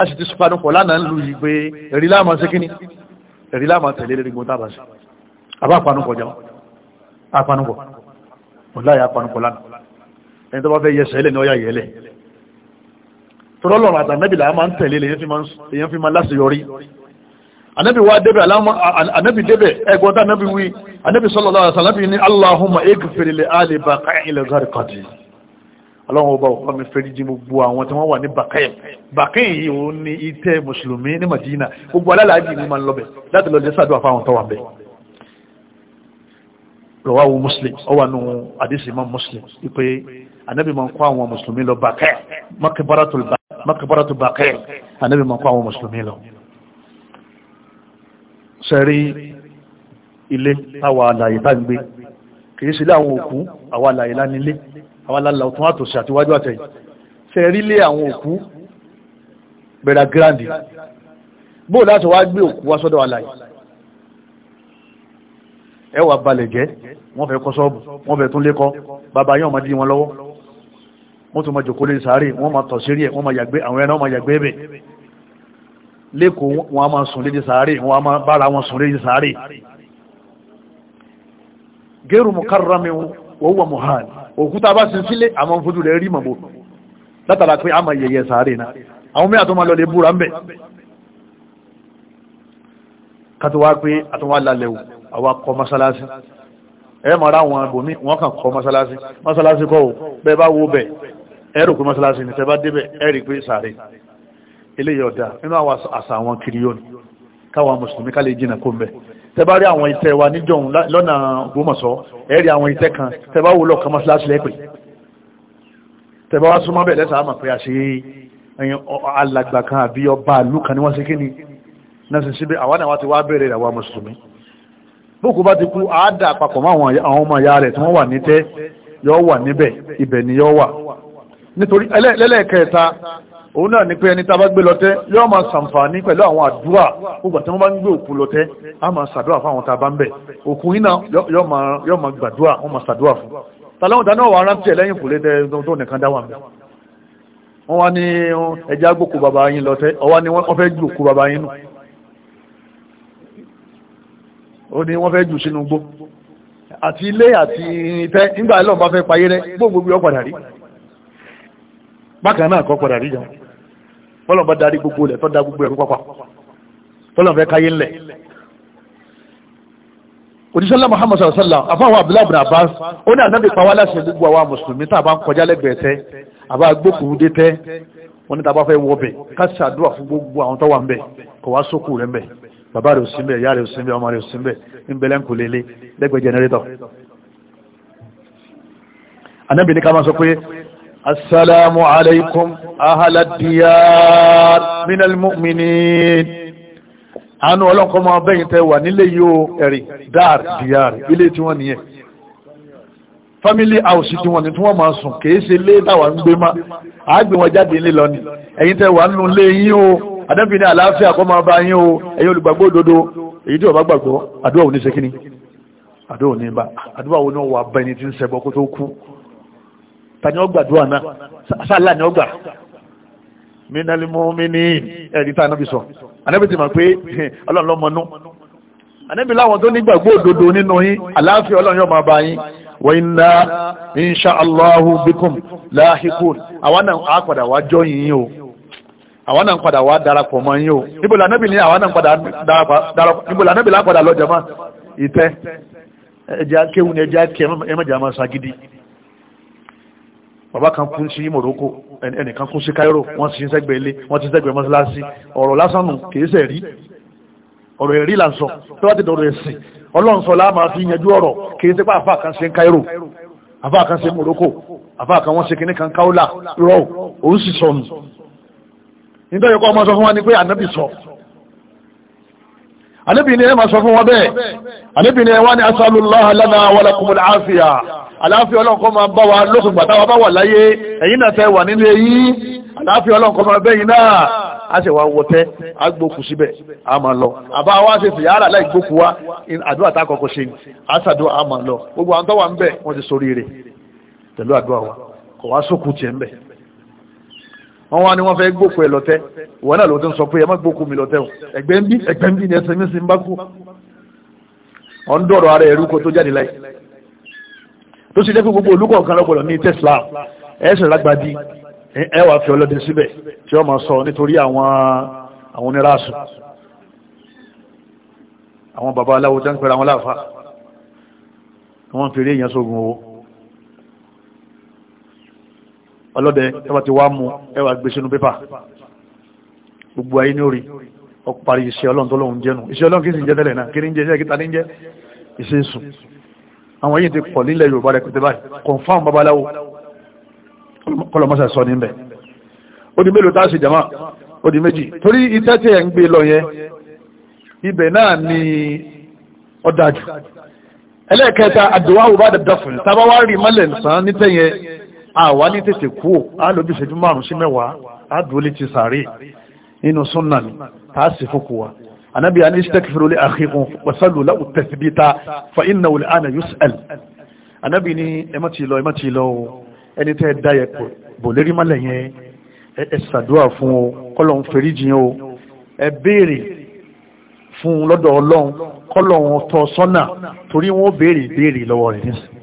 a sì ti sọpanupọ̀ lánàá ń lu yìí pé ẹ̀rí láàmà sí kíní ẹ̀rí láàmà tẹ̀lé lérí gbọ́n tábà sí àbá àpanupọ̀ jẹun àpanupọ̀ ọ̀láyà àpanupọ̀ lánàá ẹni tó bá fẹ́ yẹsẹ̀ ẹlẹ́ ni ọ̀yà yẹlẹ̀ tọ́lọ́lọ́rọ̀ àtànẹ́bìlà a máa ń tẹ̀lé èyàn fi máa láṣeyọrí anẹ́bì wá débẹ̀ ọlọ́run ọba ọ̀pá mi fẹ́ díjí gbogbo àwọn tí wọ́n wà ní bàkẹ́yìn bàkẹ́yìn yìí ó ní ìtẹ́ mùsùlùmí ní Madina gbogbo alálàájì mi máa ń lọ́bẹ̀ láti lọ́jọ́ sàdúrà fáwọn tó wà bẹ́ẹ̀ rọwáwo Muslim ọwà nù àdìsí imam Muslim wípé anabi máa ń kó àwọn mùsùlùmí lọ bàkẹ́ makibaratul bàkẹ́ anabi máa ń kó àwọn mùsùlùmí lọ. sẹ́rí ilé táwa àlàyé tá ń gbé kì í sílé àwọn òkú àwa àlàyé lá àwọn alálà ọ̀tún àtòsí àtiwájú àtẹ̀yìn ṣe rí lé àwọn òkú bẹ̀rẹ̀ gíráǹdì bóò láti wá gbé òkú wá sọ́dọ̀ aláyé ẹ wà balẹ̀ jẹ́ wọ́n fẹ́ kọ́ sọ́ọ̀bù wọ́n fẹ́ tún lékọ́ bàbá yóò máa dí wọn lọ́wọ́ wọ́n tún máa jòkó lé sàárè wọ́n máa tọ̀ sírí ẹ̀ wọ́n máa yàgbé àwọn ẹran máa yàgbé ẹ̀bẹ̀ lẹ́kọ̀ọ́ wọn a sùn lédi sàárè wọn a bára wọn sùn lédi sàárè gẹ́rù mọ̀káràmẹ́wọ̀n wọ́n wọ̀ mohan òkúta bá sin sílé àwọn fojú rẹ̀ rí mọ̀bọ̀ látara pé a máa yẹyẹ sàárè náà àwọn mẹ́ta tó máa lọ lè búra ń bẹ̀ kátó wá pé àtúnwá lálẹ́ o àwa kọ́ mọ́sálásí ẹ àwọn abòmí wọ́n ẹ ni tẹ́ bá débẹ̀ ẹ rí pé sàárè eléyìí ọ̀dà nínú àwọn àṣà àwọn kiriyóni káwọn mùsùlùmí tẹ́bá rí àwọn iṣẹ́ wa níjọun lọ́nà Ògbómọ̀ṣọ́ ẹ̀rí àwọn iṣẹ́ kan tẹ́bá wò lọ́kàn mọ́síláṣí lẹ́pẹ̀ tẹ́bá wá súnmọ́ bẹ̀rẹ̀ sáàmà pé àṣẹ alàgbà kan àbí ọba àlú kan ní ni náà sì síbẹ̀ àwọn àwọn ti wá bẹ̀rẹ̀ àwọn mùsùlùmí bókù bá ti kú àádà àpapọ̀ mọ́ àwọn ọmọ ìyá rẹ̀ tí wọ́n wà òun náà ni pé ẹni tàbá gbé lọ́tẹ́ yóò máa sàǹfààní pẹ̀lú àwọn àdúrà gbogbo tí wọ́n bá ń gbé òkú lọ́tẹ́ a máa sàdúrà fún àwọn tàbá ń bẹ̀ òkú iná yóò máa gbàdúrà wọ́n máa sàdúrà fún tàlọ́hùn tàná wà rántí ẹ̀ lẹ́yìn fòlé tó nìkan dá wà mí wọ́n wá ní ẹja gbòkú bàbá yín lọ́tẹ́ ọwá ni wọ́n fẹ́ ju òkú bàbá yín nù ó ní wọ́n fẹ́ jù sínú gbó àti ilé àti ìtẹ́ nígbà ẹlọ́run bá fẹ́ payé rẹ gbogbo ọ̀padà rí bákan náà kọ́ padà rí jẹun bọ́lọ̀ bá darí gbogbo rẹ̀ tó da gbogbo ẹ̀rú pápá bọ́lọ̀ fẹ́ káyé ńlẹ̀ òdìsọ́lá muhammad sallallahu afáwọn abdullahi abbas ó ní ànábì pa wá láṣẹ gbogbo àwa mùsùlùmí tá a bá ń kọjá lẹ́gbẹ̀ẹ́ tẹ́ àbá gbókùn dé tẹ́ wọ́n ní tàbá fẹ́ wọ́bẹ̀ ká ṣàdúrà fún gbogbo àwọn tó wà ń bẹ̀ kò wá sókù rẹ̀ ń bẹ̀ bàbá rẹ̀ òsínbẹ̀ ìyá rẹ̀ òsínbẹ̀ ọmọ rẹ̀ òsínbẹ̀ ń bẹ̀lẹ̀ السلام عليكم أهل الديار من المؤمنين anu ولكم máa bẹ́yìn tẹ́ wà nílé yóò ẹ̀rì dáàr dìyàr ilé tí wọ́n nìyẹn family house tí wọ́n ní tí wọ́n máa sùn kìí ṣe lé dáwà ń gbé má àágbé wọn jáde nílé lọ ni ẹ̀yin tẹ́ wà nínú lé yín o adẹ́bìnrin àlàáfíà kọ́ máa bá yín o ẹ̀yin olùgbàgbọ́ òdodo èyí tí ó bá gbàgbọ́ àdúrà òní ṣe kíní àdúrà òní bá àdúrà òní wà bá ẹni tí ń ṣẹbọ kó tó kú tani ọgbà dúwà náà sáàlá ni ọgbà mínálímọ́ míní ẹ̀rí tá anábì sọ anábì ti mọ̀ pé ọlọ́run lọ́mọnú anábì láwọn tó nígbàgbọ́ òdodo nínú yín àlàáfíà ọlọ́run yóò máa bá yín wa inna insha allahu bikum lahiqun àwa náà á padà wá jọ yín o àwa náà padà wá darapọ̀ mọ́ yín o níbo lànàbì ní àwa náà padà darapọ̀ níbo lànàbì lápadà lọ jama ìtẹ́ ẹja kéwù ni ẹja kẹ ẹmẹjà bàbá kan kú sí Morocco ẹnìkan kú sí Cairo wọ́n sì ń sẹ́gbẹ̀ ilé wọ́n ti sẹ́gbẹ̀ mọ́sálásí ọ̀rọ̀ lásán nù kìí sẹ̀ rí ọ̀rọ̀ ẹ̀rí là ń sọ tó bá ti dọ̀rọ̀ ẹ̀sìn ọlọ́run sọ láàmà fi yanjú ọ̀rọ̀ kìí sẹ́pà àfà kan sí Cairo àfà kan sí Morocco àfà kan wọ́n ṣe kìíní kan Kaula rọ̀ òun sì sọnù nítorí kọ́ ọmọ sọ fún wa ni pé ànábì sọ ànábì ni ẹ máa sọ fún wọn bẹ́ẹ̀ ànábì ni ẹ wá ní asálùláhà lánàá wàlá kùmùlà àfíà àláfíà ọlọ́nkọ́ máa bá wa lókùn gbàtà wa bá wà láyé ẹ̀yin náà tẹ wà nílé yìí àláfíà ọlọ́nkọ́ máa bẹ́yìn náà a sì wá wọtẹ́ a gbókù síbẹ̀ a máa lọ àbá wa ṣe fi yàrá láì gbókù wa àdúrà tá a kọ́kọ́ ṣe a ṣàdúrà a máa lọ gbogbo àwọn tó wà ń bẹ̀ wọ́n ti sórí rẹ̀ pẹ̀lú àdúrà wa kò wá sókù tiẹ̀ ń bẹ̀ wọ́n wá ní wọ́n fẹ́ gbókò ẹ̀ lọ́tẹ́ ìwọ náà ló ń sọ pé ẹ má gbókò mi lọ́tẹ́ o ń bí ẹ̀gbẹ́ ń bí ni ẹsẹ̀ mi sì ń bá kú ọ̀n dọ̀rọ̀ ara ẹ̀rú kó tó jáde láì tó sì dẹ́kun gbogbo olùkọ́ kan lọ́pọ̀lọ́ ní tesla ẹ̀sẹ̀ lágbàdì ẹ wà fi ọlọ́dẹ síbẹ̀ tí wọ́n máa sọ nítorí àwọn àwọn oníraṣù àwọn baba aláwo tẹ́ ń pẹ́ra wọn láàfa wọ́n fi rí èèyàn sógun owó ọlọ́dẹ ẹwà ti wá mú ẹwà gbé sínú pépà gbogbo ayé ní orí ọparí iṣẹ́ ọlọ́run tó lóun jẹ́nu iṣẹ́ ọlọ́run kí sì jẹ́ tẹ́lẹ̀ náà kí ní jẹ́ iṣẹ́ kíta ní jẹ́ iṣẹ́ sùn àwọn yìí ti pọ̀ nílẹ̀ yorùbá rẹ̀ pété báyìí ni ọ̀dájú ẹlẹ́ẹ̀kẹta àdùwáwò bá dàdà fún tábà wá àwa ní tètè kú ò á lò bí ìṣẹ́jú márùn sí mẹ́wàá á dúró létí sàárè nínú súnà ni a sì fòkù wa anábì àní istaghfiru li akhikum wasalu lahu tathbita fa innahu al-ana yus'al anábì ní ẹ má ti lọ ẹ má ti lọ o ẹni tẹ́ ẹ dá yẹ bò lérí má lẹ́yìn ẹ ṣàdúrà fún o kọ́lọ̀ ń ferí jìn o ẹ béèrè fún lọ́dọ̀ ọlọ́run kọ́lọ̀ wọn tọ́ sọ́nà torí wọ́n béèrè béèrè lọ́wọ́ rẹ̀ nísìn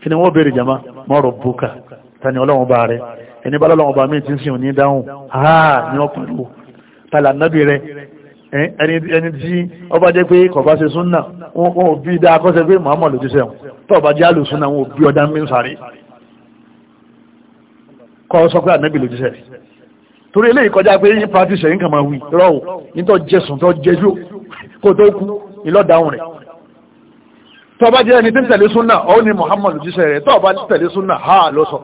kí ni wọ́n béèrè jama mọ́rọ̀ bùkà tani ọlọ́run bá rẹ ẹni bá lọ́lọ́run bá mi ti ń sìn ní dáhùn ha ni wọ́n pẹ̀lú tala nábì rẹ ẹni tí ọba jẹ́ pé kọ̀ọ̀bá ṣe súnà wọn ò bí dáa kọ́sẹ̀ pé Muhammad ló ti sẹ́wọ̀n tó ọba jẹ́ àlù súnà wọn ò bí ọdá míín sáré kọ́ sọ pé ànábì ló ti sẹ́ torí eléyìí kọjá pé yín pàtí sẹ́yìn kan máa wí rọ́ọ̀ nítọ́ jẹsùn tó jẹjú kó tó kú ìlọ́dáhùn rẹ̀ tọba jẹ́ ẹni tí ń tẹ̀lé súnà ó ní Muhammad ló ti tọba tẹ̀lé súnà ha ló sọ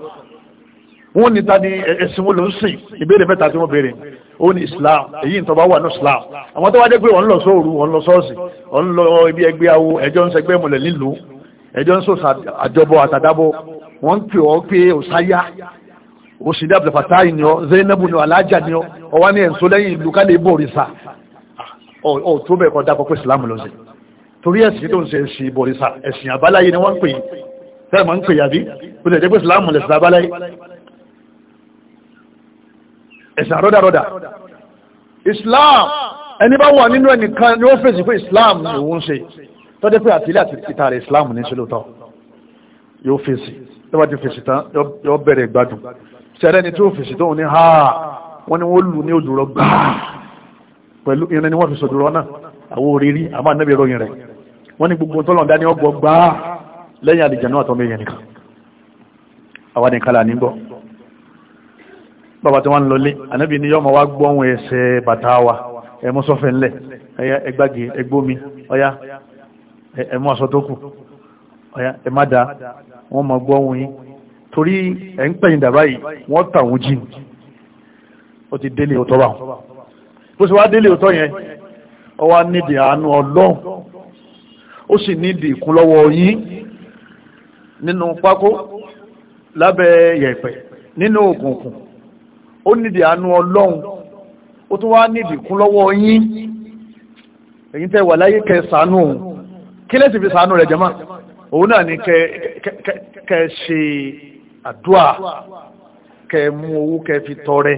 wọ́n ní ta ni ẹ̀sìn wo ló ń sìn ìbéèrè mẹ́ta tí wọ́n béèrè ó ní islam èyí ń tọ́ba wà ní islam àwọn tó wá pé wọ́n lọ sóòru wọ́n lọ sọ́ọ̀sì wọ́n lọ ibi ẹgbẹ́ awo ẹjọ́ ń sẹgbẹ́ mọ̀lẹ̀ nílùú ẹjọ́ ń sòsà àjọbọ àtàdábọ wọ́n ń pè ọ́ pé òsáyà òsìdí abdulfatai ni ọ zainabu ni ọ alájà ni ọ ọwá ní ẹ̀sọ́ lẹ́yìn ìlú ká lè islam ló ṣe torí ẹ̀sìn tó ń ṣe ẹ̀sìn ìbọ̀rìṣà ẹ̀sìn àbáláyé ni wọ́n ń pè fẹ́ẹ̀ máa yàbí ó lè jẹ́ pé islam lẹ̀sìn àbáláyé ẹ̀sìn àrọ́dàrọ́dà islam ẹni bá wà nínú ẹnìkan ni ó fèsì fún islam ni òun ṣe tọ́jú pé àtìlẹ́ àti ìta rẹ̀ islam ní sílò tán yóò fèsì yóò bá ti fèsì tán yóò bẹ̀rẹ̀ gbádùn ṣẹlẹ̀ ni tí ó fèsì tóun ní ha wọ́n ní wọ́n lù ní òjòrò gbáà pẹ̀lú irin ni wọ́n fi sòjòrò náà àwọn òrírí àmà nẹ́bí ròyìn rẹ̀ wọ́n ní gbogbo tọ́lọ̀ dání ọgbọ̀ gbáà lẹ́yìn àlìjẹ̀ náà tọ́mọ èèyàn nìkan àwọn nìkan là ní gbọ́ bàbá tí wọ́n lọ lé ànábì ni yọ́mọ̀ wá gbọ́hùn ẹsẹ̀ bàtà wa ẹmú sọ́fẹ̀ ńlẹ̀ ẹgbàgì ẹgbómi ọya ẹmú aṣọ tó kù ọya ẹmádà wọ́n mọ̀ gbọ́hùn yín torí ẹ̀ ń pẹ̀yìn dàbá yìí wọ́n tàwọn jí ó ti délé òtọ́ bá wọn bó ṣe wá délé òtọ́ yẹn ó wá nídìí àánú ọlọ́run ó sì nídìí ìkúnlọ́wọ́ yín nínú pákó lábẹ́ yẹ̀pẹ̀ nínú òkùnkùn ó nídìí àánú ọlọ́run ó tún wá nídìí kún lọ́wọ́ yín èyí tẹ́ wà láyé kẹ sànú òun kí lè ti fi sànú rẹ̀ jẹ́mà òun náà ni kẹ ṣe àdúà kẹ mú owó kẹ fi tọrẹ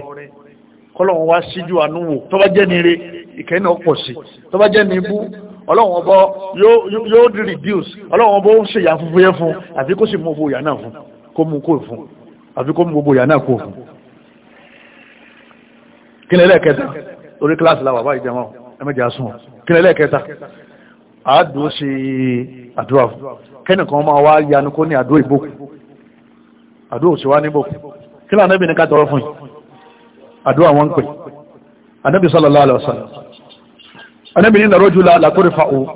kọ́lọ́run wá síjú àánú wò tó bá jẹ́ nire ìkẹ́ náà pọ̀ sí tó bá jẹ́ nibú ọlọ́run ọbọ yóò reduce ọlọ́run ọbọ ó ṣèyà fúnfún yẹn fún àbí kó sì mú owó ìyá náà fún kó mú kó fún àbí kó mú gbogbo ìyá náà kó fún kílẹ̀ lẹ́ẹ̀kẹta orí kíláàsì láwà báyìí jẹmọ́ ẹmẹ́jà sùn kílẹ̀ lẹ́ẹ̀kẹta àádùn sí àdúrà fún kẹ́nìkan máa wá yanu kó ní àdúrà ìbò àdúrà òsì wá níbò kílà anábì ní ká tọrọ fún yìí àdúrà wọn ń pè anábì sallallahu alaihi wasallam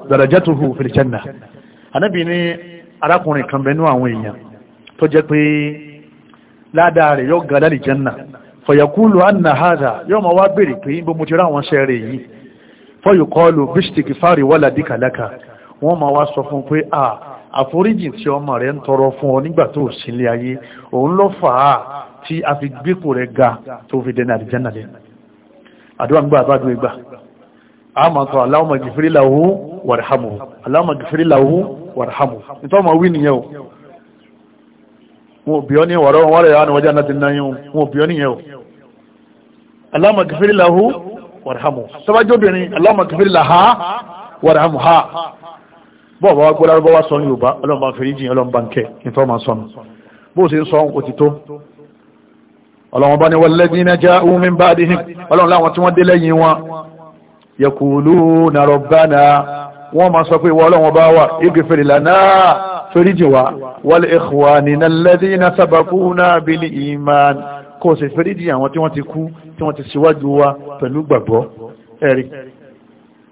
darajatuhu fil janna anábì ní arákùnrin kan bẹ́ẹ̀ nú àwọn èèyàn tó jẹ́ fọ̀yàkúlù anna hada yóò ma wá bèèrè pé bó mo ti ráwọn sẹ́rẹ̀ yìí fọ́yùkọ́lù bíṣtìkì fàárí wọ́là díkàlákà wọ́n ma wá sọ fún pé à àforíjì tí ọmọ rẹ̀ ń tọrọ fún ọ nígbà tó sílé ayé òun ló fà á tí a fi gbékò rẹ̀ ga tó fi dẹ́nà àdìjánà lẹ́ àdúrà ń gbà àbádùn ìgbà a ma sọ Allahumma gìfìrí lahu warhamu Allahumma gìfìrí lahu warhamu nítorí ọmọ wí nìyẹn o wọn ò bí ọ ní wàrọ wọn wàrẹ àwọn ọjà náà ti náyẹn o wọn ò bí ọ nìyẹn o Allahumma ghfir lahu warhamu sọ́bájóbìnrin Allahumma ghfir laha warhamu ha bọ́ọ̀bá wa gbọ́lá rọ́bọ́ wá sọ ní yorùbá ọlọ́mọba fèrèjì ọlọ́mọba ń kẹ́ ìfọ́mà sọ́nù bó ṣe ń sọ òtítọ́ ọlọ́mọba ni walladhina ja'u min ba'dihim ọlọ́run láwọn tí wọ́n dé lẹ́yìn wọn yaquluna rabbana wọ́n máa sọ pé ìwọ ọlọ́mọba wa ighfir lana fèrèjì wa wa li ikhwanina alladhina sabaquna bil iman kò sì fèrèjì àwọn tí wọ́n ti kú tí wọ́n ti síwájú wa pẹ̀lú gbàgbọ́ ẹ̀rí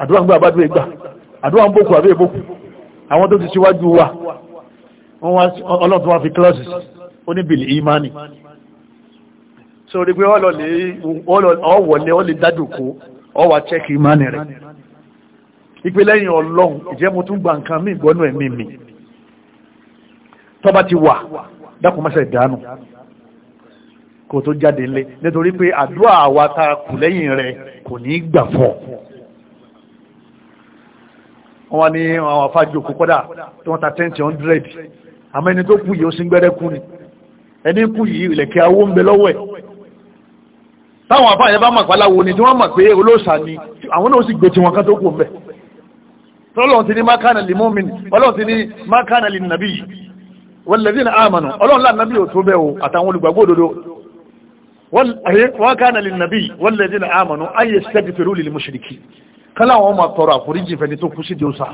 àdúrà ń gbà bá dúró gbà àdúrà ń bókù àbí èbókù àwọn tó ti síwájú wa ọlọ́run tó wá fi kílọ́sì ó ní bìlì ìmánì sórí pé ọwọ̀lẹ́ ó lè dádùkú ọwà check ìmánì rẹ̀ ìpé lẹ́yìn ọlọ́run ìjẹ́ mo tún gba nǹkan mí ìgbọ́nú ẹ̀mí mi tọ́ba ti wà dákùnmọ́sẹ̀ ìdánù kò tó jáde lé nítorí pé àdúrà wa ta kù lẹ́yìn rẹ̀ kò ní gbà fọ́ wọ́n ní àwọn afájú òkú tí wọ́n ta tẹ́ǹtì àmọ́ ẹni tó kú yìí ó sì ń gbẹ́rẹ́ kú ni ẹni kú yìí ìlẹ̀kẹ̀ awó ń bẹ lọ́wọ́ ẹ̀ táwọn afáyẹ bá mọ̀ pàláwo ni tí wọ́n mọ̀ pé olóòṣà ni àwọn náà sì gbé tiwọn kan tó kù ń bẹ tọ́lọ́run ti ní mákànà lè mọ́min ọlọ́run ti ní mákànà lè nàbí wọ́n lẹ́dínà àmànà ọlọ́run láàrín nàbí ò tó bẹ́ o àtàwọn olùgbàgbọ́ òdodo Eh, wọ́n kánà lè nàbí wọ́n lè dínà àmànú ayé sẹ́gbẹ̀fẹ̀rú lè mọ́ṣirikí kálá wọn máa tọrọ àforíjì fẹ́ni tó kú sí di ọ̀sà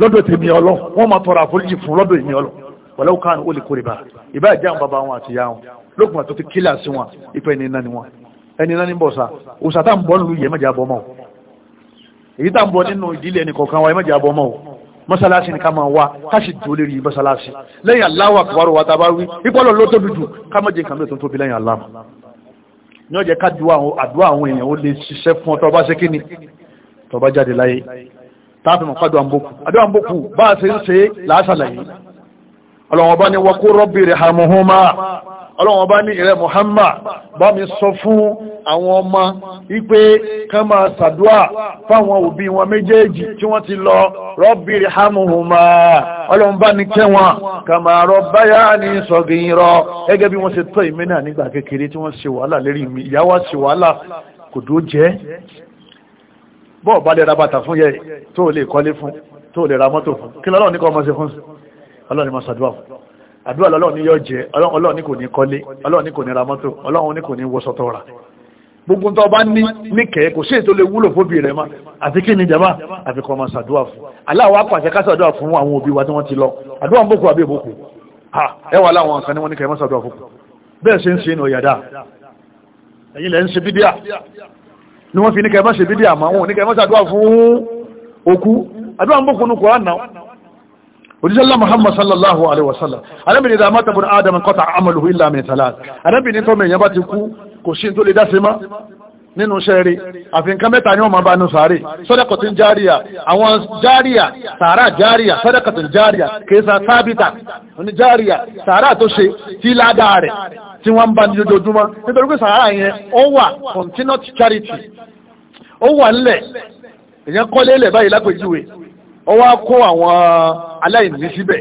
lọ́dọ̀ tèmi ọlọ́ wọn máa tọrọ àforíjì fún lọ́dọ̀ èmi ọlọ́ wọ́lẹ́wọ́ kánà ó lè kórè bá ìbá ìjà ń wọn àti ya wọn lókùn àti kílà sí wọn ìpẹ́ ẹni náà ni wọn ẹni náà ni bọ̀ sá òsà tá ń bọ́ nínú yẹ mẹ́jà bọ́ mọ́ èyí tá ń bọ́ nínú ìdílé ẹnì kọ̀ọ̀kan wa mẹ́jà bọ́ mọ́ mọ́sálásí ni ká máa wá ká sì dúró lérí mọ́sálásí lẹ́yìn wa tá a bá wí ipò ọlọ́run ló tóbi jù ká má jẹ́ nǹkan ní ọjẹ́ ká àdúrà àwọn èèyàn ó lè ṣiṣẹ́ fún ọ tọba ṣe kí ni tọba jáde láyé táàfimọ̀ pàdó àmbókù àdó àmbókù bá a ṣe ń ṣe làásàlàyé ọlọ́wọ́n bá ní wọ́kú rọ́bìrì hàmùhùn máa ọlọ́wọ́n bá ní ìrẹ́ Muhammad bá mi sọ fún àwọn ọmọ wípé ká máa sàdúà fáwọn òbí wọn méjèèjì tí wọ́n ti lọ Rabbi irhamuhuma ọlọ́wọ́n bá ní kẹwọn kama rabbayani saghira gẹ́gẹ́ bí wọ́n se tọ́ ìmẹ́ náà nígbà kékeré tí wọ́n ṣe wàhálà lérí mi ìyá wa ṣe wàhálà kò dó jẹ́ bọ́ọ̀ bá lè ra bàtà fún yẹ tó lè kọ́lé fún tó lè ra mọ́tò fún kí lọ́lọ́ ní kọ́ ọmọ ṣe fún ọlọ́ni máa sàdúà fún àdúrà lọ́lọ́ ní yọ jẹ ọlọ́run ní kò ní kọ́lé ọlọ́run ní kò ní ra mọ́tò ọlọ́run ní kò ní wọṣọ tó rà gbogbo tó bá ní níkẹ́ kò sí ètò lè wúlò fóbi rẹ̀ ma àfi kí ni jama àfi kọ́ fún Allah wá ká ṣàdúrà fún àwọn òbí wa tí wọ́n ti lọ àdúrà ń bòkù àbí ha ẹ wà láwọn nǹkan ni wọ́n ní kẹ́ ma ṣàdúrà fún bẹ́ẹ̀ ṣe ń ṣe nù yàdá ẹ̀yin lẹ́ ń ṣe bídíà ni wọ́n òkú òjíṣẹ́lá muhammad sallallahu alaihi wasallam arábìnrin da mata bin adam kọta amaluhu illa min salat arábìnrin tó mẹ́yàn bá ti kú kò sí tó lè dáṣe má nínú ṣẹ́rí àfihàn mẹ́ta ni wọ́n ma bá ní sàárè sọ́dọ̀kọ̀tún járíà àwọn járíà sàárà járíà sọ́dọ̀kọ̀tún járíà kẹsà tábítà ní járíà sàárà tó ṣe tí ládàá rẹ̀ tí wọ́n bá ní ojoojúmọ́ nítorí pé sàárà yẹn ó wà continuous charity ó wà nílẹ̀ èyàn kọ́lé lẹ̀ báyìí lápèjúwe ó wá kó àwọn aláìní síbẹ̀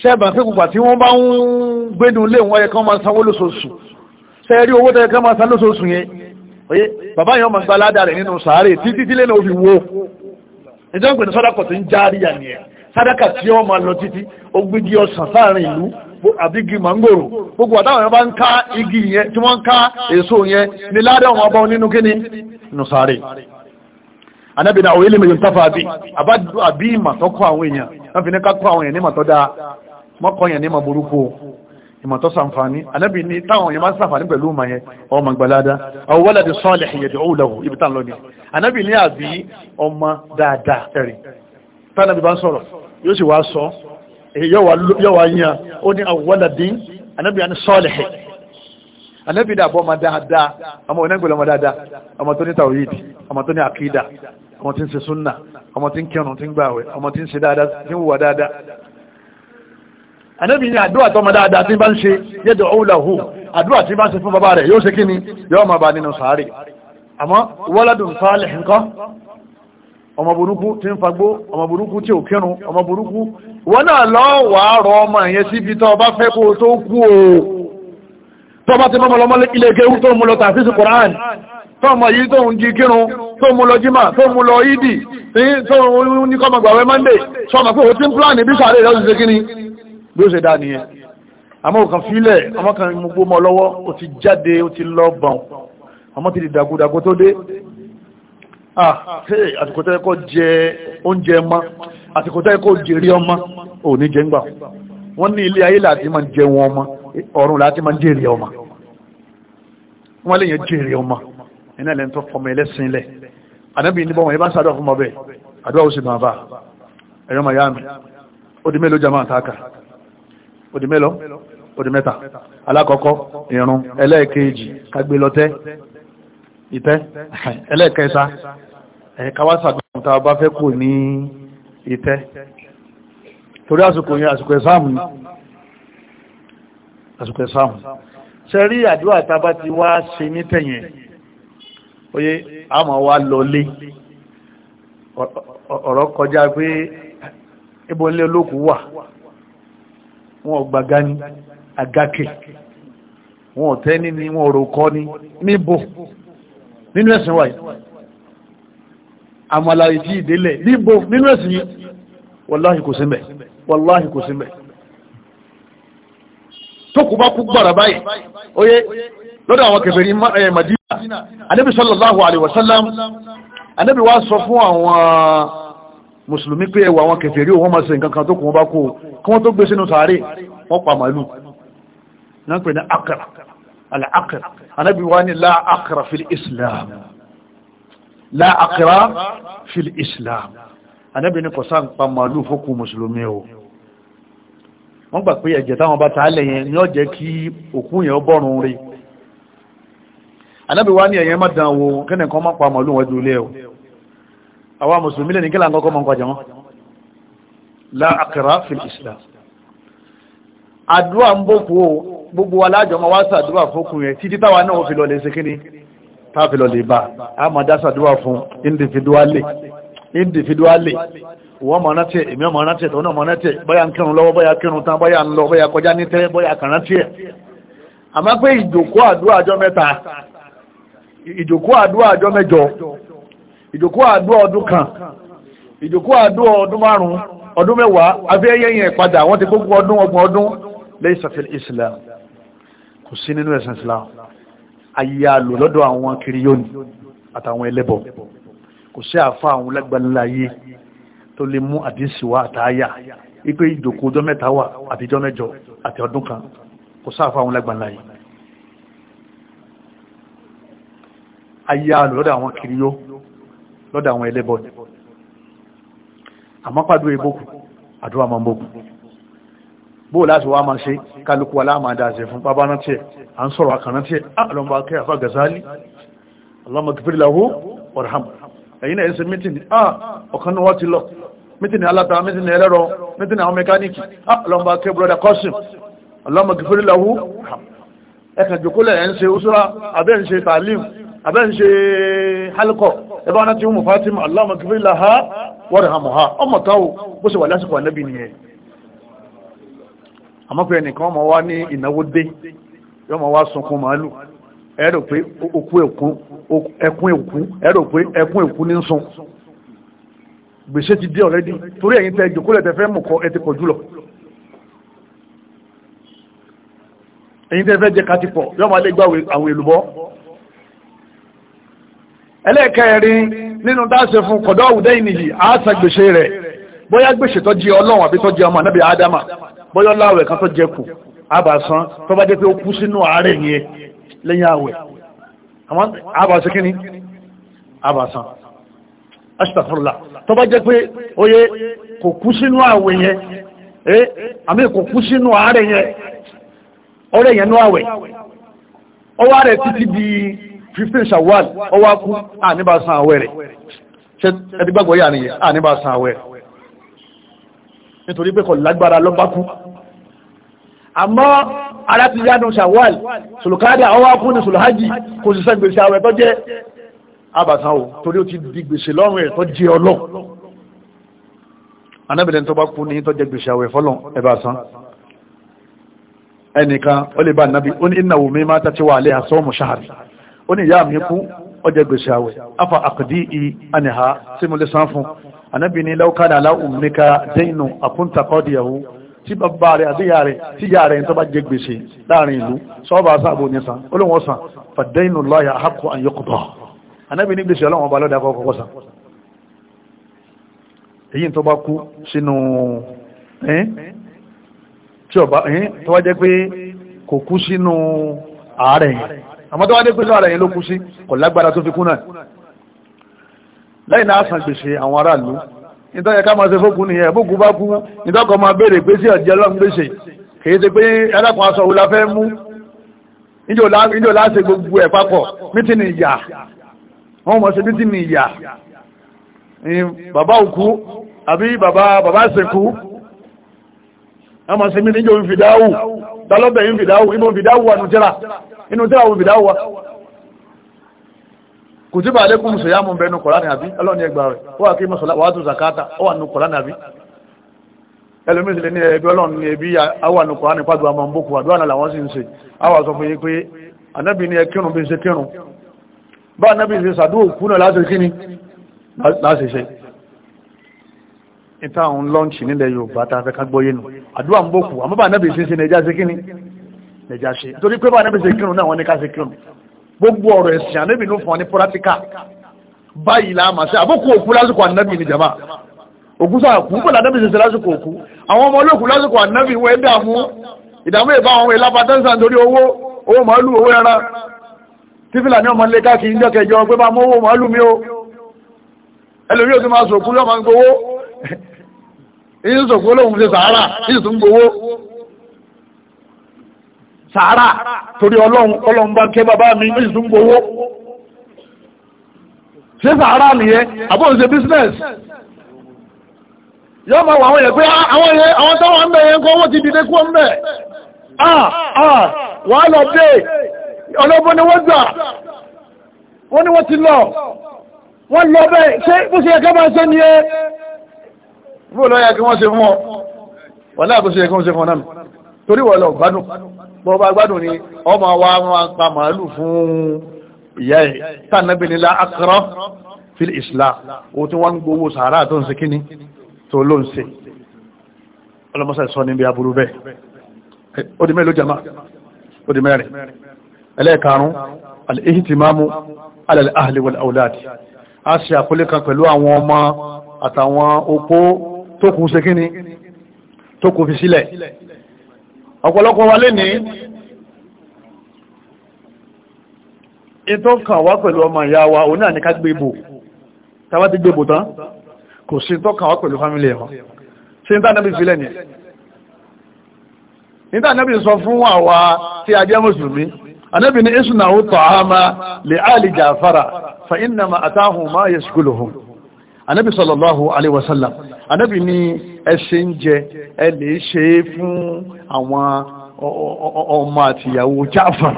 ṣẹ́bà pé pùpà tí wọ́n bá ń gbénu lé wọn yẹ kán máa sanwó lóṣooṣù ṣe owó tẹ́yẹ kán san lóṣooṣù yẹn oye bàbá yẹn máa gba aládàá rẹ̀ nínú sàárè títí tí lẹ́nu òfin wo ìjọba ìpinnu sádàkọ̀ tí ń járí yà nìyẹn sádàkà tí ó máa lọ títí ó gbígi ọsàn sáàrin ìlú àbí igi mangoro gbogbo anábì náà òye lè mẹ́yìn tọ́fà àbí àbí ìmà tó kọ́ àwọn èèyàn wọ́n fi ní ká kọ́ àwọn èèyàn ní ìmà tó dáa mọ́kọ́ yẹn ní ìmà burúkú ìmà tó sàǹfààní anábì ní táwọn èèyàn máa ń sàǹfààní pẹ̀lú ìmà yẹn ọmọ gbàládá àwọn wọ́lá di sọ́ọ̀lẹ̀ ìyẹ̀dì òwúlọ̀wù ibi táwọn lọ́ni anábì ní àbí ọmọ dáadáa ẹ̀rì tánàbì bá ń sọ̀rọ̀ yóò sì wá sọ yóò wá yan ó ní àwọn wọ́lá anábì ní sọ́ọ̀lẹ̀ anábì ní ọmọ dáadáa ọmọ onígbèlè ọmọ dáadáa ọmọ tó ní tàwíìdì ọmọ tó ní àkídà ọmọ tí ń ṣe súnà ọmọ tí ń kírun tí ń gbàwẹ̀ ọmọ tí ń ṣe dáadáa tí ń wùwà dáadáa ànábì ní àdúrà tọmọ dáadáa tí bá ń ṣe yẹ́dọ̀ ọ̀húlàhù àdúrà tí bá ń ṣe fún bàbá rẹ̀ yóò ṣe kí ni yóò máa bá nínú sàárè àmọ́ wọ́ládùn sáálẹ̀ nǹkan ọmọ burúkú tí ń fagbó ọmọ burúkú tí tọ́mọ yìí tó ń jí kírun tó mú lọ jímà tó mú lọ ìdì tó ní kọmọ gbàwẹ́ mọ́ndé sọmọ pé o ti ń pláàni bí sàárè lọ́sí ṣe kíní bí ó ṣe dá nìyẹn àmọ́ òkan fílẹ̀ ọmọ kan mú gbó mọ́ lọ́wọ́ ó ti jáde ó ti lọ bọ̀n ọmọ ti di dàgúdàgú tó dé àsìkò tẹ́ wọ́n lè yẹn jèrè ọmọ iná ilẹ̀ tó fọmọ ẹlẹ́sìn ilẹ̀ anábì níbọn wọn yẹ bá ń sàdọ̀ fún ọbẹ̀ àdúrà ó sì máa bá ẹ̀yọ́ miami ó di mélòó jama àtàkà ó di mélòó ó di mẹ́ta alákọ̀ọ́kọ́ ìrun ẹlẹ́ẹ̀kejì kagbélọ́tẹ́ ìtẹ́ ẹlẹ́ẹ̀kẹsà ẹ̀káwásàgbọ̀n tá a bá fẹ́ kù ní ìtẹ́ torí àsìkò yẹn àsìkò ẹ̀sáàmù ni àsìkò ẹ̀sáàmù ṣe àdúrà tá ti wá ṣe nítẹ̀yẹn oyé àmọ́ wa lọlé ọ̀rọ̀ kọjá pé ibo ilé olóòkú wà wọn gbàgá ní wọn ọ̀tẹ́ni ni wọn ọ̀rọ̀ kọ́ níbo nínú ẹ̀sìn wáyé àmàlàyé tí ìdélẹ̀ níbo nínú ẹ̀sìn yìí wọláhì kò símẹ̀ wọláhì kò símẹ̀ bá kú báyìí lọ́dọ̀ àwọn eh, anábì sallallahu alaihi wasallam anábì wá sọ fún àwọn mùsùlùmí pé ẹwà àwọn kèfèrí òun máa ṣe nǹkan kan tó kùn bá kó kí wọ́n tó gbé sínú sàárè wọ́n pa màálù náà pè ní akra al'akra anábì wá ní la akra fil islam la akra fil islam anábì ní kò sáà ń pa màálù fókù mùsùlùmí o wọ́n gbà pé ẹ̀jẹ̀ táwọn bá ta á lẹ́yìn ni ó jẹ́ kí òkú yẹn bọ́rùn rí anábì wá ní ẹ̀yẹ má dán wo kíni kan má pa màálù wọn dúlé o àwa mùsùlùmí lè ní kí láǹkọ́ mọ́ nǹkan jẹmọ́ la akara fil islam àdúrà ń bókú o gbogbo alájọ ma wá sàdúrà fókun yẹn títí táwa náà fi lọ lè ṣe tá fi lọ bá a máa dá sàdúrà fún individually individually wọ́n mọ̀ rántí èmi ọmọ rántí ẹ̀tọ́ náà mọ̀ rántí bọ́yá ń kírun lọ́wọ́ bọ́yá kírun tán bọ́yá ń lọ bọ́yá kọjá ní tẹ́ bọ́yá kàn rántí ẹ̀ àmá pé ìjòkó àdúrà àjọ mẹ́ta ìjòkó àdúrà àjọ mẹ́jọ ìjòkó àdúrà ọdún kan ìjòkó àdúrà ọdún márùn-ún ọdún mẹ́wàá abẹ́yẹ yẹn padà wọ́n ti gbogbo ọdún ọgbọ̀n ọdún laysa fil islam kò sí nínú ẹ̀sìn islam ayé àlò lọ́dọ̀ àwọn kiriyóni àtàwọn ẹlẹ́bọ kò sí àfa àwọn lágbàlá ayé tó lè mú àdísì wá àtàyà ipe ìjòkó ọjọ́ mẹ́ta wà àtijọ́ mẹ́jọ àti ọdún kan kò sáà fáwọn lágbàlá ayé ayé àlù lọ́dọ̀ àwọn kiriyó lọ́dọ̀ àwọn ẹlẹ́bọ ni àmọ́ pàdúrà ìbòkù àdúrà máa ń bòkù bó láti wá máa ṣe kálukú aláàmà dáṣẹ fún bàbá náà tiẹ̀ à ń sọ̀rọ̀ àkànná tiẹ̀ àlọ́mọ ah, akẹ́ àfà gazali Allahumma ẹ̀kàn jòkólẹ̀ ẹ̀ ṣe ah, ah, usura abẹ́ ṣe tàlímù abẹ́ ń ṣe halkọ̀ ẹbá wọn ti mú Fatima Allahumma ghfir laha warhamha ọmọ káwò bó ṣe wà lásìkò ànábì nìyẹn àmọ́pẹ́ ẹnìkan ọmọ wa ní ìnáwó dé yọmọ wa sunkún màálù ẹ̀rọ pé okú ẹ̀kún ẹ̀kún ẹ̀rọ pé ẹ̀kún ẹ̀kún ní sun gbèsè ti dé ọ̀rẹ́dì torí ẹ̀yin tẹ́ ìjòkólẹ̀ tẹ́ fẹ́ mú ẹ ti pọ̀ jùlọ ẹ̀yin tẹ́ fẹ́ ká ti pọ̀ yọmọ alẹ́ àwọn èlùbọ́ ẹlẹ́ẹ̀kẹrin nínú dáṣe fún kọ̀dọ̀ òwúdẹ́ ìnìyí àásà gbèsè rẹ̀ bóyá gbèsè tó jẹ ọlọ́run àbí tó jẹ ọmọ ànábì ádámà bóyá láwẹ̀ kan tó jẹ kù àbàsán tó bá jẹ́ pé ó kú sínú àárẹ̀ yẹn lẹ́yìn àwẹ̀ àbàsán kíní àbàsán astaghfirullah tó bá jẹ́ pé oyé kò kú 15 shawwal ọwọ́ akú àníbà san àwẹ̀ rẹ̀ ṣe ẹti gbàgbọ́ yà nìyẹn àníbà san àwẹ̀ nítorí pé kò lágbára lọ́gbà kú àmọ́ ara ti yá nù shawwal sùlùkádà ọwọ́ akú ní sùlùhájì kò sì sẹ́ gbèsè àwẹ̀ tó jẹ́ àbàsán o torí ó ti di gbèsè lọ́rùn ẹ̀ tó jẹ́ ọlọ́ anábìnrin tó bá kú ní tó jẹ́ gbèsè àwẹ̀ fọ́lọ̀ ẹ̀bàsán ẹnìkan ó lè bá nábi ó ní ìnáwó mímá tàtíwà alẹ́ àsọ́mù ṣáàrì ó ní ìyá mi kú ọjọ́ gbèsè àwẹ̀ afa àkàdí i àníhà tí mo lè san fún anábì ní lọ́kàdà aláwùmíkà dẹ́yìnù àkúntakọ́dìyàwó tí bàbá rẹ̀ àti ìyá rẹ̀ tí ìyá rẹ̀ tó bá jẹ gbèsè láàrin ìlú sọ́ọ̀bà sáàbò ní san ó ọ̀sán fàdẹ́yìnù lọ́yà àkọ́ àyọkùtọ̀ anábì ní gbèsè ọlọ́wọ́n ọba lọ́dà kọ́kọ́ san èyí tó bá kú sínú tí ọba tó bá jẹ pé kò kú sínú àárẹ̀ yìí àmọ́ tó wá dé pẹ̀lú ara yẹn ló kú sí kò lágbára tó fi kú náà lẹ́yìn náà san gbèsè àwọn aráàlú nítorí ẹ̀ka máa ṣe fókun nìyẹn bókun bá kú nítorí máa béèrè pé sí ọ̀jẹ́ lọ́n gbèsè kì pé ẹlẹ́kùn aṣọ òun la fẹ́ mú níjò láṣẹ gbogbo ẹ̀ papọ̀ mítìnì ìyà wọ́n mọ̀ sí mítìnì ìyà bàbá òkú àbí bàbá bàbá a máa se mí níjọ́ ìfìdáwù dálọ́bẹ̀ ìfìdáwù inú ìfìdáwù wà nùtíra inú tíra wù ìfìdáwù wa kò tí bá alékún sèyá mú bẹnu kọ̀lá ní àbí ọlọ́ni ẹgbà rẹ̀ ó wà kí mọ́sọ̀lá wà tó zakata ó wà nù kọ̀lá ní àbí ẹlòmísìlẹ̀ ní ẹbí ọlọ́ni ní ẹbí àwọn nù kọ̀lá ní pàdù àmọ́ mbókù àdúrà náà làwọn sì ń ṣe àwọn sọ fún yí pé anábì ní ẹkírun bí ń ṣe kírun bá anábì ṣe sàdúrò kúnà láti kíni láti ṣe níta àwọn lọ́ǹṣì nílẹ̀ yorùbá tá a fẹ́ ká gbọ́yé nù àdúrà ń bòkù àmọ́ bá anábì ṣe ń ṣe nàìjà ṣe kíni nàìjà ṣe torí pé bá anábì ṣe kírun náà wọ́n ní ká ṣe kírun gbogbo ọ̀rọ̀ ẹ̀sìn anábì ló fún ọ ní pọ́rátíkà báyìí la mà ṣe àbókù òkú lásìkò anábì ní jàmbá òkú sáà kú pẹ̀lú anábì ṣe ṣe lásìkò òkú àwọn ọmọ olókùn lásìkò anábì wọ́n dààmú ìdààmú ìbá àwọn ìlápa tẹ́sán torí owó owó màálù owó ẹran tí fìlàní ọmọ ilé káàkiri ń jọ kẹjọ pé máa mú owó màálù mi o ẹlòmí ò ti máa sòkú yọ máa ń gbowó èyí sọ̀kú olóhùn ṣe sàárà èyí tó ń gbowó sàárà torí ọlọ́run ọlọ́run bá kẹ́ bàbá mi èyí tó ń gbowó ṣe sàárà nìyẹn àbọ̀ ṣe business yọ́ máa ah, wà àwọn yẹ̀ pé àwọn yẹ àwọn táwọn ń bẹ̀ yẹn kọ́ wọ́n ti dìde kú ń bẹ̀ ah ah wàá lọ dé ọlọ́bọ ni wọ́n gbà wọ́n ni wọ́n ti lọ wọ́n lọ bẹ́ẹ̀ ṣé bó ṣe yẹ ká máa ṣe nìyẹn bó lọ yá kí wọ́n ṣe fún ọ wọ́n láàbò ṣe kún ṣe fún ọ̀nàmì torí wọ́n lọ gbádùn bọ́ bá gbádùn ni ọmọ wa máa pa màálù fún ìyá ẹ̀ tànàbí ni akọrọ fil islam o tí wọ́n ń gbowó sàárà tó ń ṣe kíní tó ló ń ṣe ọlọ́mọsà sọ àwọn opó tó kù ṣe kíni tó kù fi sílẹ̀ ọ̀pọ̀lọpọ̀ wa lè ní ètò kan wá pẹ̀lú ọmọ ìyá wa òun náà ní ká gbé ibò tàbá ti gbé ibò tán kò sí tó kan wá pẹ̀lú fámílì ẹ̀họ́ sí ní tàbí sílẹ̀ ní ní tàbí sọ fún àwa tí a jẹ́ mùsùlùmí anábì ní ìsùn náà tọ̀ lè áàlì jàfàrà fa innama atáhùn máa yashguluhum anábì sallallahu alaihi wasallam anábì ní ẹṣẹ́ ń jẹ ẹ lè ṣe é fún àwọn ọmọ àtìyàwó Jáfàr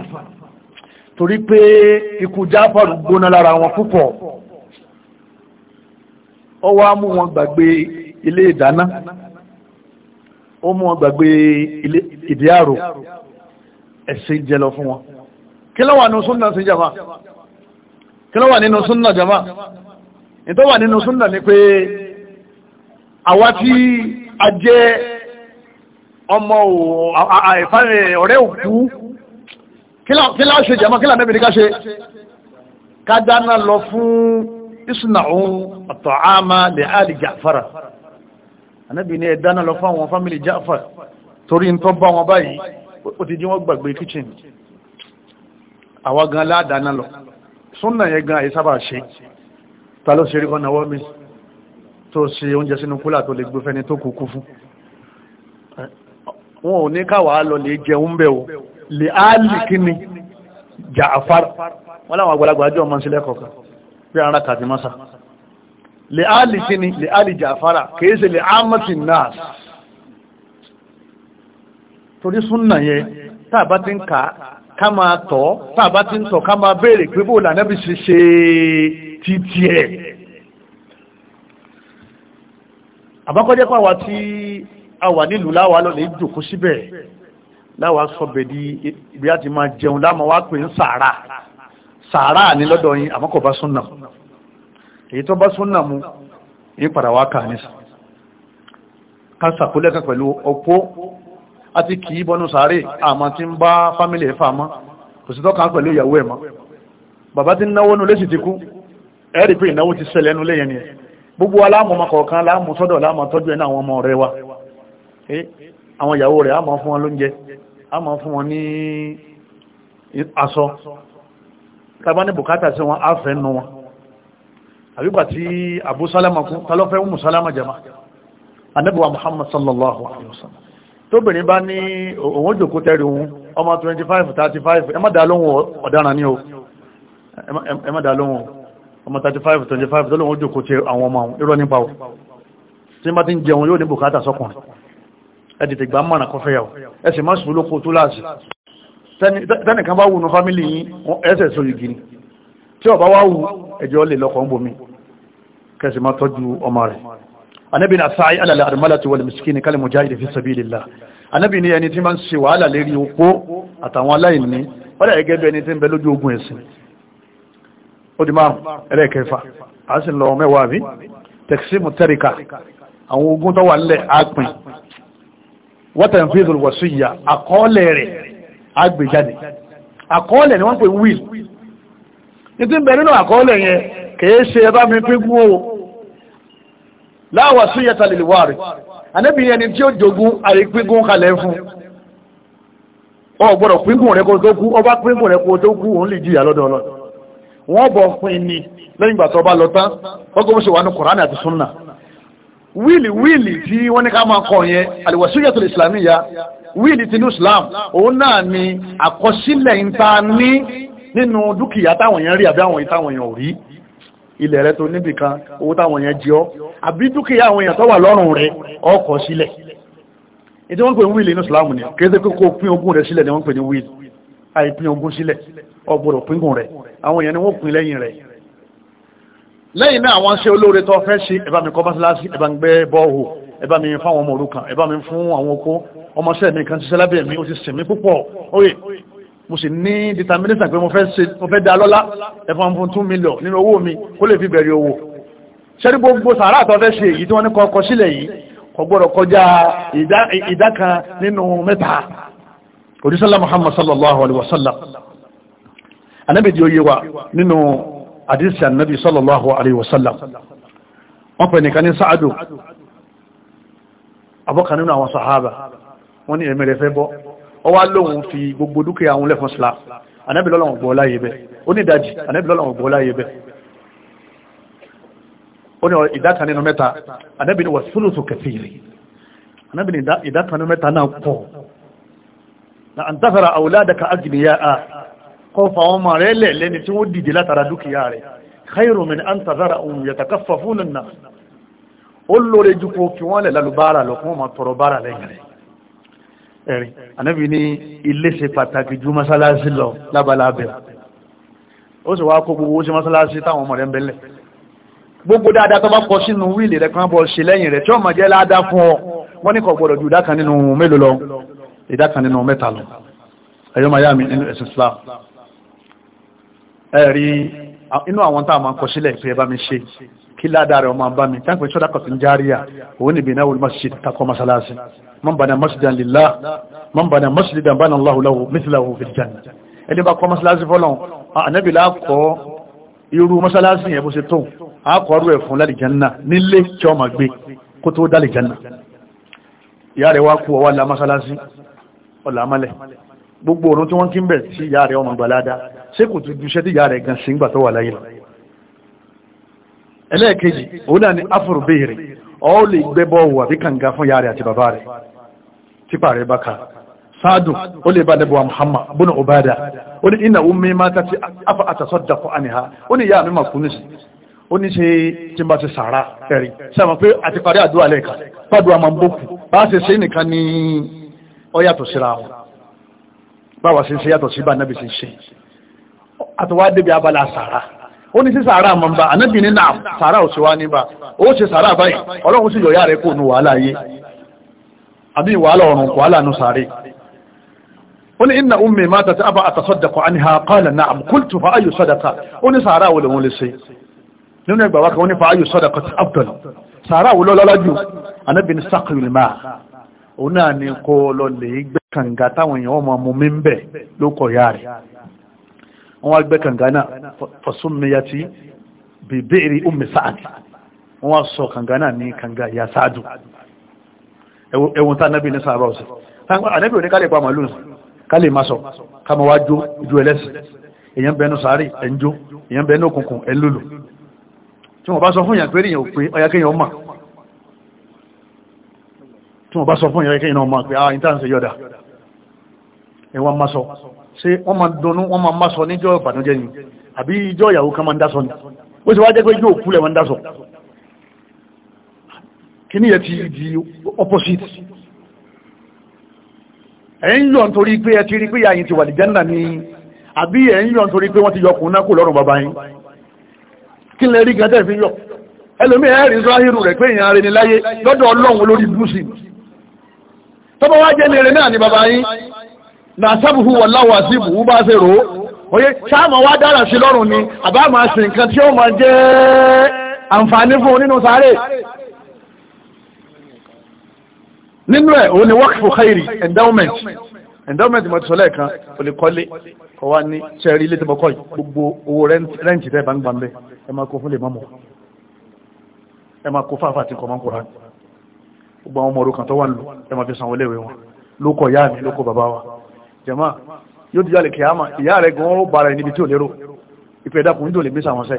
torí pé ikú Jáfàr gbóná lára wọn púpọ̀ ó wá mú wọn gbàgbé ilé ìdáná ó mú wọn gbàgbé ilé ìdí àrò ẹ̀ṣẹ̀ ń jẹ lọ fún wọn kí ló nínú súnnà jama ìtọ́wà nínú súnnà ni pé àwa tí a jẹ́ ọmọ ọ̀rẹ́ òkú kí láà ṣe jẹ́mọ́ kí láà mẹ́bìnrin ká ṣe ká dáná lọ fún ìsìnà òun ọ̀tọ̀ àmà lè àlì jàfàrà anábì ní ẹ̀dáná lọ fún àwọn fámílì jàfàrà torí ń tọ́ bá wọn báyìí ó ti jí wọ́n gbàgbé kitchen àwa gan láàdáná lọ súnà yẹn gan àyíṣàbà ṣe ta ló ṣe rí ọ̀nà wọ́n mi tó ṣe oúnjẹ sínú kúlà tó lè gbé fẹ́ni tó kúkú fún wọn ò ní káwàá lọ lè jẹun bẹ̀ o lè áàlì kíni Jaafar wọ́n láwọn àgbàlagbà àjọ ọmọ sílẹ̀ kọ̀ọ̀kan bí ara kàtí mọ́sá lè áàlì kíni lè áàlì Jaafara kìí ṣe lè ámọ́tì náà torí súnnà yẹ tàbá ti ká máa tọ́ tàbá ti ń tọ́ ká máa béèrè pé bóòlù ànábì ṣe ṣe títí ẹ̀ àbákọ́jẹ́ pà wá tí a wà nílùú láwa lọ́lẹ̀ ìjòkó síbẹ̀ láwa sọ̀bẹ̀ di ibi a ti máa jẹun láàmà wá pè ń sàárà sàárà ní lọ́dọ̀ yín àmọ́ kò bá súnà èyí tó bá súnà mu èyí padà wá kà nísà ká sàkólẹ́kà pẹ̀lú ọ̀pọ̀ àti kì í bọnú sàárè àmọ́ tí ń bá fámìlì ẹ̀fà mọ́ kò sí tọ́ka pẹ̀lú ìyàwó ẹ̀ mọ́ bàbá ti náwó nulẹ̀ sì ti kú ẹ̀rí pé ìnáwó ti ṣẹlẹ̀ nulẹ̀ yẹn ni ẹ̀ gbogbo aláàmọ̀mọ̀ kọ̀ọ̀kan láàmù sọ́dọ̀ láàmù tọ́jú ẹ̀nà àwọn ọmọ rẹ̀ wa àwọn ìyàwó rẹ̀ a máa fún wọn lóúnjẹ a fún wọn ní aṣọ tàbá ní bùkátà sí wọn áfẹ́ nù wọn àbígbà tí Abu Salama kú talọ́fẹ́ mú Salama jama anábíwa Muhammad sallallahu alaihi wasallam tóbìnrin bá ní òun jòkó tẹ́rì òun ọmọ 25 35 ẹ má dá lóhùn ọ̀daràn ní o ọmọ 35 25 tó lóun ó jòkó tí àwọn ọmọ àwọn irọ́ nípa ọ̀ tí má ti ń jẹun yóò ní bùkátà sọ́kùnrin ẹ̀dìtì gbà mọ̀nà kọfẹ́ yàwó ẹ̀sìn má sùn lóko tó láàsì tẹ́nìkan bá wù ní fámílì yín ẹ̀sẹ̀ sọ yìí gini tí ó bá wá wù ẹjọ́ lè lọ́kọ̀ ń bomi kẹsì má tọ́jú ọmọ rẹ̀ anábì ní asáyí alàlẹ́ àdìmọ́láti wọlé mùsùlùmí fi sabilillah anábì ní ẹni tí máa ń ṣe wàhálà lérí opó àtàwọn aláìní wọ́n dà gẹ́gẹ́ bí ẹni tí ń bẹ ó di márùn ẹlẹ́ẹ̀kẹfà a sì lọ mẹ́wàá bí tẹ̀símù tẹ́ríkà àwọn ogun tó wà nílẹ̀ ápìn wọ́tẹ̀ ń fi ìdòlùwọ̀ sí ìyá àkọọ́lẹ̀ rẹ̀ àgbèjáde àkọọ́lẹ̀ ni wọ́n pè wíl títí ń bẹ nínú àkọọ́lẹ̀ yẹn kìí ṣe ẹbá mi pín gún o láwà sí ìyẹta lè wà rẹ̀ anẹ́bí ẹni tí ó jogun àìpíngún kalẹ̀ fún ọ gbọ́dọ̀ píngún rẹ̀ kó tó kú ọba píngún rẹ̀ kó tó kú òun lè jìyà lọ́dọọlọ́dọ̀ wọ́n bọ̀ fún ẹni lẹ́yìn ìgbà tó bá lọ tán ọgbọ́n mọ́ ṣe wà ní kùránì àti súnà wíìlì wíìlì tí wọ́n ní ká máa kọ yẹn àlùwàsíyàtò ìsìlámíyà wíìlì tinú islam òun náà ni àkọsílẹ̀ ń ta ní nínú dúkìá táwọn yẹn rí àbí àwọn ìtàwọn yẹn ò rí ilẹ̀ rẹ tó níbì kan owó táwọn yẹn jẹ ọ́ àbí dúkìá àwọn èèyàn tó wà lọ́rùn rẹ ó sílẹ̀ ìdí wọ́n pè ní wíìlì inú islam ni kéde kókó pín ogún rẹ sílẹ̀ ni wọ́n pè ní wíìlì àìpín ogún sílẹ̀ ó gbọ́dọ̀ pínkùn rẹ̀ àwọn èèyàn ni wọ́n pín lẹ́yìn rẹ̀ lẹ́yìn náà àwọn ṣe olóore tó fẹ́ ṣe ẹ̀bá mi kọ́ mọ́sálásí ẹ̀bá mi gbẹ́ bọ́ọ̀hù ẹ̀bá mi fáwọn ọmọ òrukàn ẹ̀bá mi fún àwọn okó ọmọṣẹ́ mi kan ṣiṣẹ́ lábẹ́ mi ó ti sìn mí púpọ̀ oye mo sì ní determination pé mo fẹ́ dá lọ́lá ẹ̀fọn fún two million nínú owó mi kó lè fi bẹ̀rẹ̀ owó ṣẹ́rí gbogbo sàárà tó fẹ́ ṣe èyí tí wọ́n ní Muhammad sallallahu alaihi wasallam anábì di oyé wa nínú àdísì anábì sallallahu alaihi wasallam wọ́n pẹ̀ nìkan ní sáàdù abọ́kan nínú àwọn sàhábà wọ́n ní ẹ̀mẹ̀rẹ̀ fẹ́ bọ́ ọ wá lóhun fi gbogbo dúkìá àwọn lẹ́fún sílá anábì lọ́lọ́wọ̀n gbọ́ láyé bẹ́ ó ní ìdajì anábì lọ́lọ́wọ̀n gbọ́ láyé bẹ́ ó ní ìdákan nínú mẹ́ta anábì ní wàsúlùsù kẹfìrì kọ́ fa àwọn ọmọ rẹ̀ lẹ̀ lẹ́ni tí wọ́n dìde látara dúkìá rẹ̀ khairu min an tazara ohun yatakaffafuna an-nas ó lóore ju kó kí wọ́n lẹ̀ lálùbára lọ fún ọmọ tọrọ bára lẹ́yìn rẹ̀ ẹ̀rin anábì ní ilé ṣe pàtàkì ju mọ́sálásí lọ lábala bẹ̀ sì wá kó gbogbo ó sí mọ́sálásí táwọn ọmọ rẹ̀ ń bẹ̀lẹ̀ gbogbo dáadáa tó bá kọ sínú wíìlì rẹ̀ kan bọ̀ ṣe lẹ́yìn rẹ̀ tí ọmọ jẹ́ ládàá fún ọ wọ́n ní kò gbọ́dọ̀ ju ìdá kan nínú mélòó lọ ìdá kan nínú mẹ́ta lọ ẹ̀yọ́ miami nínú ẹ̀sìn Islam ẹ̀rí inú àwọn tá a máa kọ sílẹ̀ ìpé ẹbá mi ṣe kí ládàá rẹ̀ ọmọ bá mi táǹkì ṣọ́dá kọ̀tún járíà òun ni bìnáwó masjid takọ masalasi man bana masjidan lillah man bana masjidan bana Allahu lahu mithlahu masalasi fọ́lọ́n ànábì lákọ́ irú masalasi yẹn bó ṣe tó àkọ́ rú ẹ̀ fún lálìjanna nílé tí ọmọ gbé kó tó dálìjanna ìyá rẹ̀ wá kú ọwá la masalasi ọ̀làmálẹ̀ gbogbo òrùn tí wọ́n kí ń bẹ̀ sí ìyá rẹ̀ ọmọ gbàládàá ṣé tu tún ṣe tí ìyá rẹ̀ gan sí ń tó wà láyé lọ ẹlẹ́ẹ̀kejì òun náà ni afro béèrè ọ lè gbẹ́ bọ́ọ̀wù àbí kànga fún ìyá rẹ̀ àti bàbá rẹ̀ típa rẹ̀ bá ka sáàdùn ó lè bá lẹ́bọ̀ Muhammad bọ́nà ọ̀bádà ó ní iná omi máa tàbí afa àtàsọ́dà fún ha, ó ní ìyá mi máa kún nísì ó ní ṣe tí bá ti sàárà ẹ̀rí sáàmà pé àti parí àdúrà lẹ́ẹ̀ka pàdùn àmà ń bókù bá ṣe ṣe nìkan ní ọ yàtọ̀ síra wọn báwa ṣe ṣe yàtọ̀ sí bá nábì ṣe ṣe àtọwà débi abala sàárà ó ní sí sàárà mọ́ bá anábì ní náà sàárà ò sí wá níbà ó ṣe sàárà báyìí ọlọ́run sì yọ̀yá rẹ̀ kò nu wàhálà yé àbí wàhálà ọ̀run wàhálà nu sàárè ó ní inna ummi mata ta aba atasaddaqu anha qala na'am qultu fa ayu sadaqa ó ní sàárà wo lòun lè ṣe nínú ẹgbàá wákan ó ní fa ayu sadaqa ti abdul sàárà wo lọ́lọ́lá jù anábì ní saqil ma òun náà ni kó lọ lè gbẹ́ kànga táwọn èèyàn ọmọ mu mi ń bẹ̀ ló kọ̀ yá wọ́n wá gbẹ́ kànga náà fọ̀súnmiyàtí bèbèrè Ummi Sa'ad wọ́n wá sọ kànga náà ní kànga ìyá sáàdù ẹwùn tá anábì ní sàárọ̀ ọ̀sẹ̀ anábì ò ní kálẹ̀ pa màlúù kálẹ̀ máa sọ káma wá jó ju ẹlẹ́sìn èyàn bẹnu sàárì ẹnjó èyàn bẹnu òkùnkùn ẹlòlò tí wọ́n bá sọ fún yàn pé èyàn ò pé ọyá kéèyàn mà tí sọ ṣe wọ́n máa dunnú wọ́n máa máa sọ níjọ́ ìbànújẹ́ ni àbí ìjọ́ ìyàwó kan máa ń dásọ ni ó sì wá jẹ́ pé yóò kú lẹ̀ máa ń dásọ kí ni yẹ ti di opposite ẹ̀ ń yọ̀ nítorí pé ẹ ti rí pé yàyìn ti wà ní jẹ́ńdà ni àbí ẹ̀ ń yọ̀ nítorí pé wọ́n ti yọ kùnà kò lọ́rùn bàbá yín kí lẹ rí gẹ́gẹ́ fi yọ ẹlòmí ẹ̀rí záhírù rẹ̀ pé èèyàn rẹ̀ ní láyé lọ́dọ̀ ọlọ́run lórí búùsì tọ́bọ̀ wá jẹ́ ní rẹ̀ náà ni bàbá yín na sábùhù wà láwọ̀ àṣìbù bá ṣe rò oye sáàmà wá dára sí lọ́rùn ni àbá máa ṣe nǹkan tí ó máa jẹ́ àǹfààní fún nínú sáré nínú ẹ̀ òun ni waqfu khairi endowment endowment mọ̀ ti sọ lẹ́ẹ̀kan o lè kọ́lé kọ́ wá ní ṣẹ́rí ilé tẹ́mọ́kọ́ yìí gbogbo owó rẹ́ǹtì tẹ́ bá ń gbà ń bẹ́ ẹ máa kó fún lè mọ́mọ́ ẹ máa kó fáfà àti kọ̀mọ́ kùrán gbogbo àwọn ọmọ orúkàn tó wà ń lò ẹ máa fi sanwó léwe wọn lókọ̀ yáà mi lókọ̀ bàbá wa jẹ̀mọ́ yóò di jálè kìámà ìyá rẹ̀ gan ó bára ẹni ibi tí ò lérò ìpẹ́ ìdàkùn ní tó lè gbé sàwọn sẹ́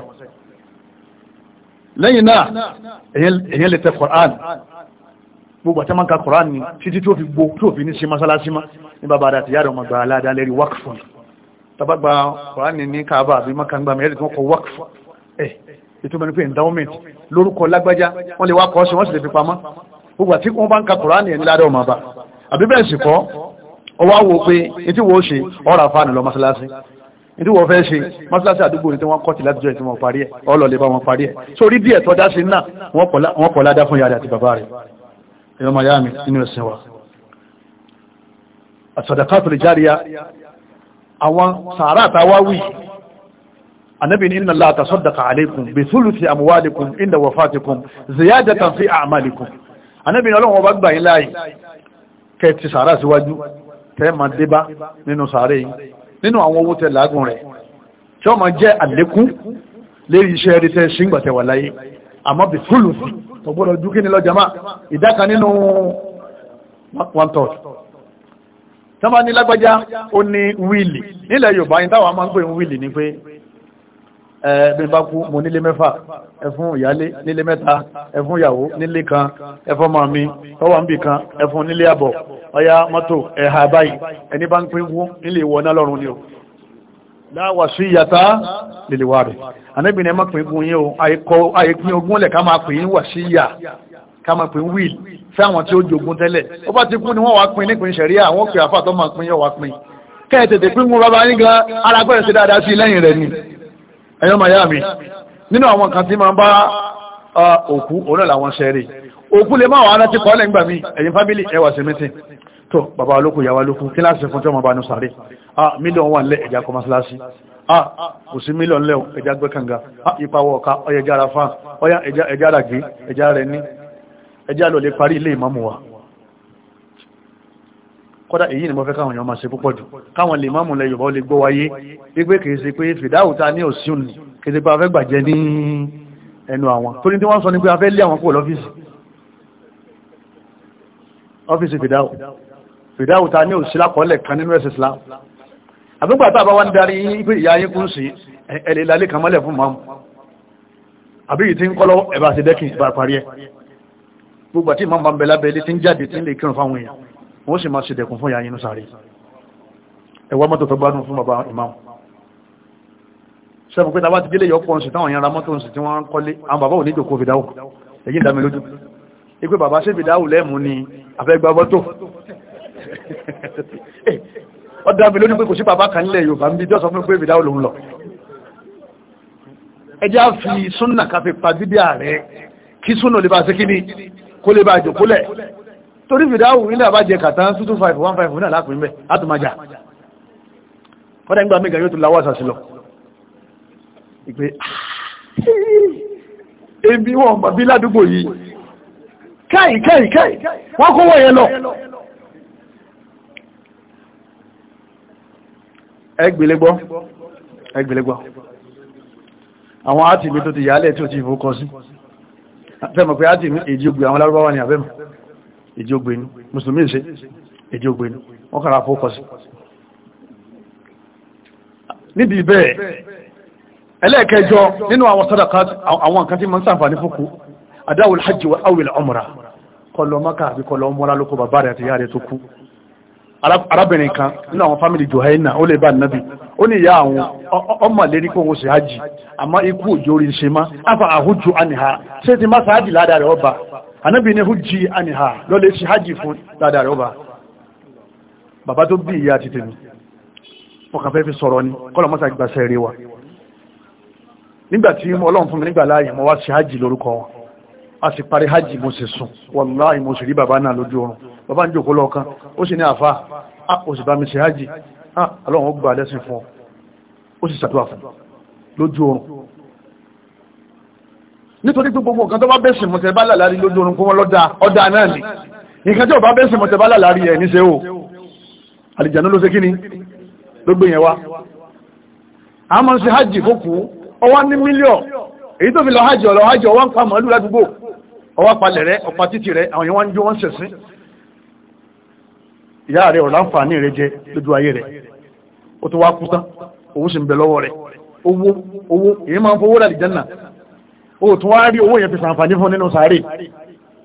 lẹ́yìn náà èyàn lè tẹ Qur'an gbogbo àti àmàkà Qur'an ni títí tí ó fi gbó tí ó fi ní sí masalasi ma ní bàbá àdá àti ìyá rẹ̀ ọmọ gbà aládá lérí wákfún tabagba Qur'an ní Kaaba àbí makangba mẹ́rin endowment lórúkọ lágbájá wọ́n lè wá kọ́ sí wọ́n sì lè fi pamọ́ gbogbo àti wọ́n bá ń ka Qur'an ní ẹni ọwọ́ àwọ̀ pé etí wo ṣe ọ̀rọ̀ àfáàní lọ mọ́sálásí etí wo fẹ́ ṣe mọ́sálásí àdúgbò ní tí wọ́n kọ́ ti látijọ́ tí wọ́n parí ẹ̀ ọlọ́lẹ̀ bá wọn parí ẹ̀ sórí díẹ̀ tọ́ sí náà wọ́n pọ̀ ládá fún yàrá àti bàbá rẹ̀ annabi ni inna Allah tasaddaqa alaykum bi thuluthi amwalikum inda wafatikum ziyadatan fi a'malikum annabi ni Ọlọ́run ọba gbà yín láàyè kẹ́ ti sàárà síwájú tẹ́ ma débá nínú sàárè yìí nínú àwọn owó tẹ làágùn rẹ̀ tí ó ma jẹ́ àlékún lérí iṣẹ́ rí tẹ́ sí ìgbàtẹ̀ wà láyé àmọ́ bí fúlù tọ́gbọ́dọ̀ dúkí ní lọ́jà máa ìdáka nínú one third tọ́ba ní lágbájá ó ní wíìlì nílẹ̀ Yorùbá yìí táwọn máa ń pè ń wíìlì ni pé bí bá kú mo nílé mẹ́fà ẹfún ìyálé nílé mẹ́ta ẹfún ìyàwó nílé kan ẹfún ọmọ mi tọ́wà ń bì kan ẹfún nílé àbọ̀ ọya mọ́tò ẹ̀hà báyìí ẹni bá ń pín wú nílé ìwọ náà lọ́rùn ni o láwà sí ìyàtá lílé wa rẹ̀ anábìnrin ẹ pín gun yín o ni wọ́n wá pín nípìn ṣẹ̀ríà àwọn òkè àfà tó máa pín yóò wá ẹ̀yọ́ máa yá mi nínú àwọn kan tí máa ń bá òkú òun làwọn ṣẹ́rí òkú lè máa wà láti kọ́lẹ̀ ń gbà mí ẹ̀yin fábílì ẹwà sí mítì tó bàbá olókù yàwá lókù kí láti fún tí ọmọ bá ní sàárè ah mílíọ̀n wà nílẹ̀ ẹ̀já kọ́ mọ́sálásí ah kò sí mílíọ̀n lẹ́wọ̀ ẹ̀já gbé kànga ah ìpawọ̀ ọ̀ka ọyẹ ẹja ara fáà ọyá ẹja ràgbé ẹja rẹ̀ ní ẹja lọ lè parí ilé ìmámù wa kọ́dá èyí ni mo fẹ́ káwọn èèyàn máa ṣe púpọ̀ jù káwọn lè máàmù lẹ Yorùbá lè gbọ́ wáyé wípé kìí ṣe pé fìdáhùta ní òsùn ni kìí ṣe pé afẹ́ gbàjẹ́ ní ẹnu àwọn torí tí wọ́n sọ ní pé afẹ́ lé àwọn kúrò lọ́fíìsì ọ́fíìsì fìdáhù fìdáhùta ní òsì lákọọ́lẹ̀ kan nínú ẹ̀sìn Islam àbúgbà tá a bá wá ń darí pé ìyá yín kún sí ẹ̀lẹ́ ìlàlẹ́ kan mọ́lẹ̀ fún màmù àbí yìí ti ń wọ́n sì máa ṣèdẹ̀kùn fún yàyínú sáré ẹwà mọ́tò tó gbádùn fún bàbá ìmáàmù sẹ́bùn pé tàbá ti délé yọpọ̀ ǹsì táwọn ìyára mọ́tò ǹsì tí wọ́n ń kọ́lé àwọn bàbá ò ní jòkó fìdáwò èyí ń dámi lójú ipé bàbá sí fìdáwò lẹ́mù ni àfẹ́gbà mọ́tò ó dámi lójú pé kò sí bàbá kan lẹ̀ Yorùbá ń torí fìdáwù ilẹ̀ àbájẹ kàtà 225 náà lápín mẹ́ átùmájà fọ́dá ìgbà mẹ́gà yóò tún láwọ́ àṣà sílọ ìpé ah, ebi wọn bà bí ládùúgbò yìí káì káì káì wọ́n kó wọ́n yẹn lọ ẹgbẹ̀lẹ́gbọ́ ẹgbẹ̀lẹ́gbọ́ àwọn átìmí tó ti yálẹ̀ tí ó ti fòkọ sí àfẹ́mọ̀ pé átìmí èjì ògbè àwọn lárúbáwà ni àfẹ́mọ̀ èjì ògbé ni mùsùlùmí ṣe èjì ògbé ni wọ́n kàrà fókọ sí níbi bẹ́ẹ̀ ẹlẹ́ẹ̀kẹjọ nínú àwọn sàdákà àwọn nǹkan tí ma ń sàǹfàní fókù adáwò wa awil umra kọlọ maka àbí kọlọ ọmọra lókọ bàbá rẹ̀ àti ìyá rẹ̀ tó kú arábìnrin kan nínú àwọn fámìlì johaina ó lè bá nàbì ó ní ìyá àwọn ọmọ lérí kó anábì ní hujji aniha lọ́lẹ̀ sí hajji fún dáadáa rẹ̀ ọba bàbá tó bí ìyá títẹ̀ mi ọkàn fẹ́ fi sọ̀rọ̀ ni kọ́lọ̀ mọ́sá gbàṣẹ́ rí wa nígbàtí ọlọ́run fún mi nígbà láàyè mo wá sí hajji lórúkọ wọn a sì parí hajji mo sì sùn wàláhì mo sì rí bàbá náà lójú oorun bàbá ń jòkó lọ́ọ̀kan ó sì ní àfá a ò sì bá mi sí hajji a ọlọ́run ó gbà lẹ́sìn fún ọ ó sì ṣàdúrà fún lójú oorun nítorí pé gbogbo nǹkan tó bá bẹ́sìn mọ̀tẹ́ bá làlárí lójú orun fún wọn lọ́dà ọ̀dà náà ni nǹkan tí ò bá bẹ́sìn bá làlárí ẹ̀ níṣẹ́ o àlìjànú ló ṣe kí ni ló gbé yẹn wá a máa ń ṣe hajj fókù ọwá ní mílíọ̀ èyí tó fi lọ hajj ọ̀lọ́ hajj ọwá ń pa màálù ládùúgbò ọwá palẹ̀ rẹ ọ̀pá títì rẹ àwọn yẹn wá ń jó wọ́n o tún wá rí owó yẹn fi sàǹfàní fún nínú sàárè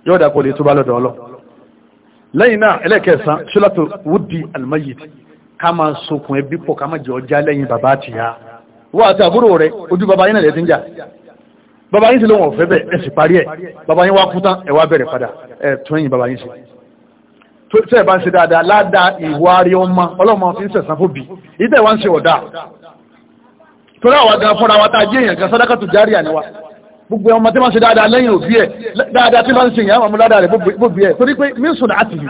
yóò dà kò lè túbá lọ́dọ̀ ọlọ́ lẹ́yìn náà ẹlẹ́kẹ̀ẹ́sán ṣílọ́tò wúdi almayit ká máa sokùn ẹbí pọ̀ ká máa jẹ ọjà lẹ́yìn bàbá àti ìyá wọ́n àti àbúrò rẹ̀ ojú bàbá yín náà lè ti ń jà bàbá yín sì lóun ọ̀fẹ́ bẹ̀ ẹ sì parí ẹ̀ bàbá yín wá kú tán ẹ wá bẹ̀rẹ̀ padà ẹ tún ẹ̀yìn bàbá yín sí tó tẹ́ ẹ bá ń ṣe dáadáa ládàá ìwà rí ọmọ ọlọ́mọ fi ń sẹ̀sán fóbi ìdẹ́ wa ń ṣe ọ̀dà torí àwọn gan fúnra wa tá a èèyàn gan sàdákà tó járí àníwá gbogbo ọmọ tí wọ́n ṣe dáadáa lẹ́yìn òbí ẹ̀ dáadáa tí wọ́n ṣe yẹn àwọn ọmọláda rẹ̀ gbogbo ẹ̀ torí pé mí sùn láti yìí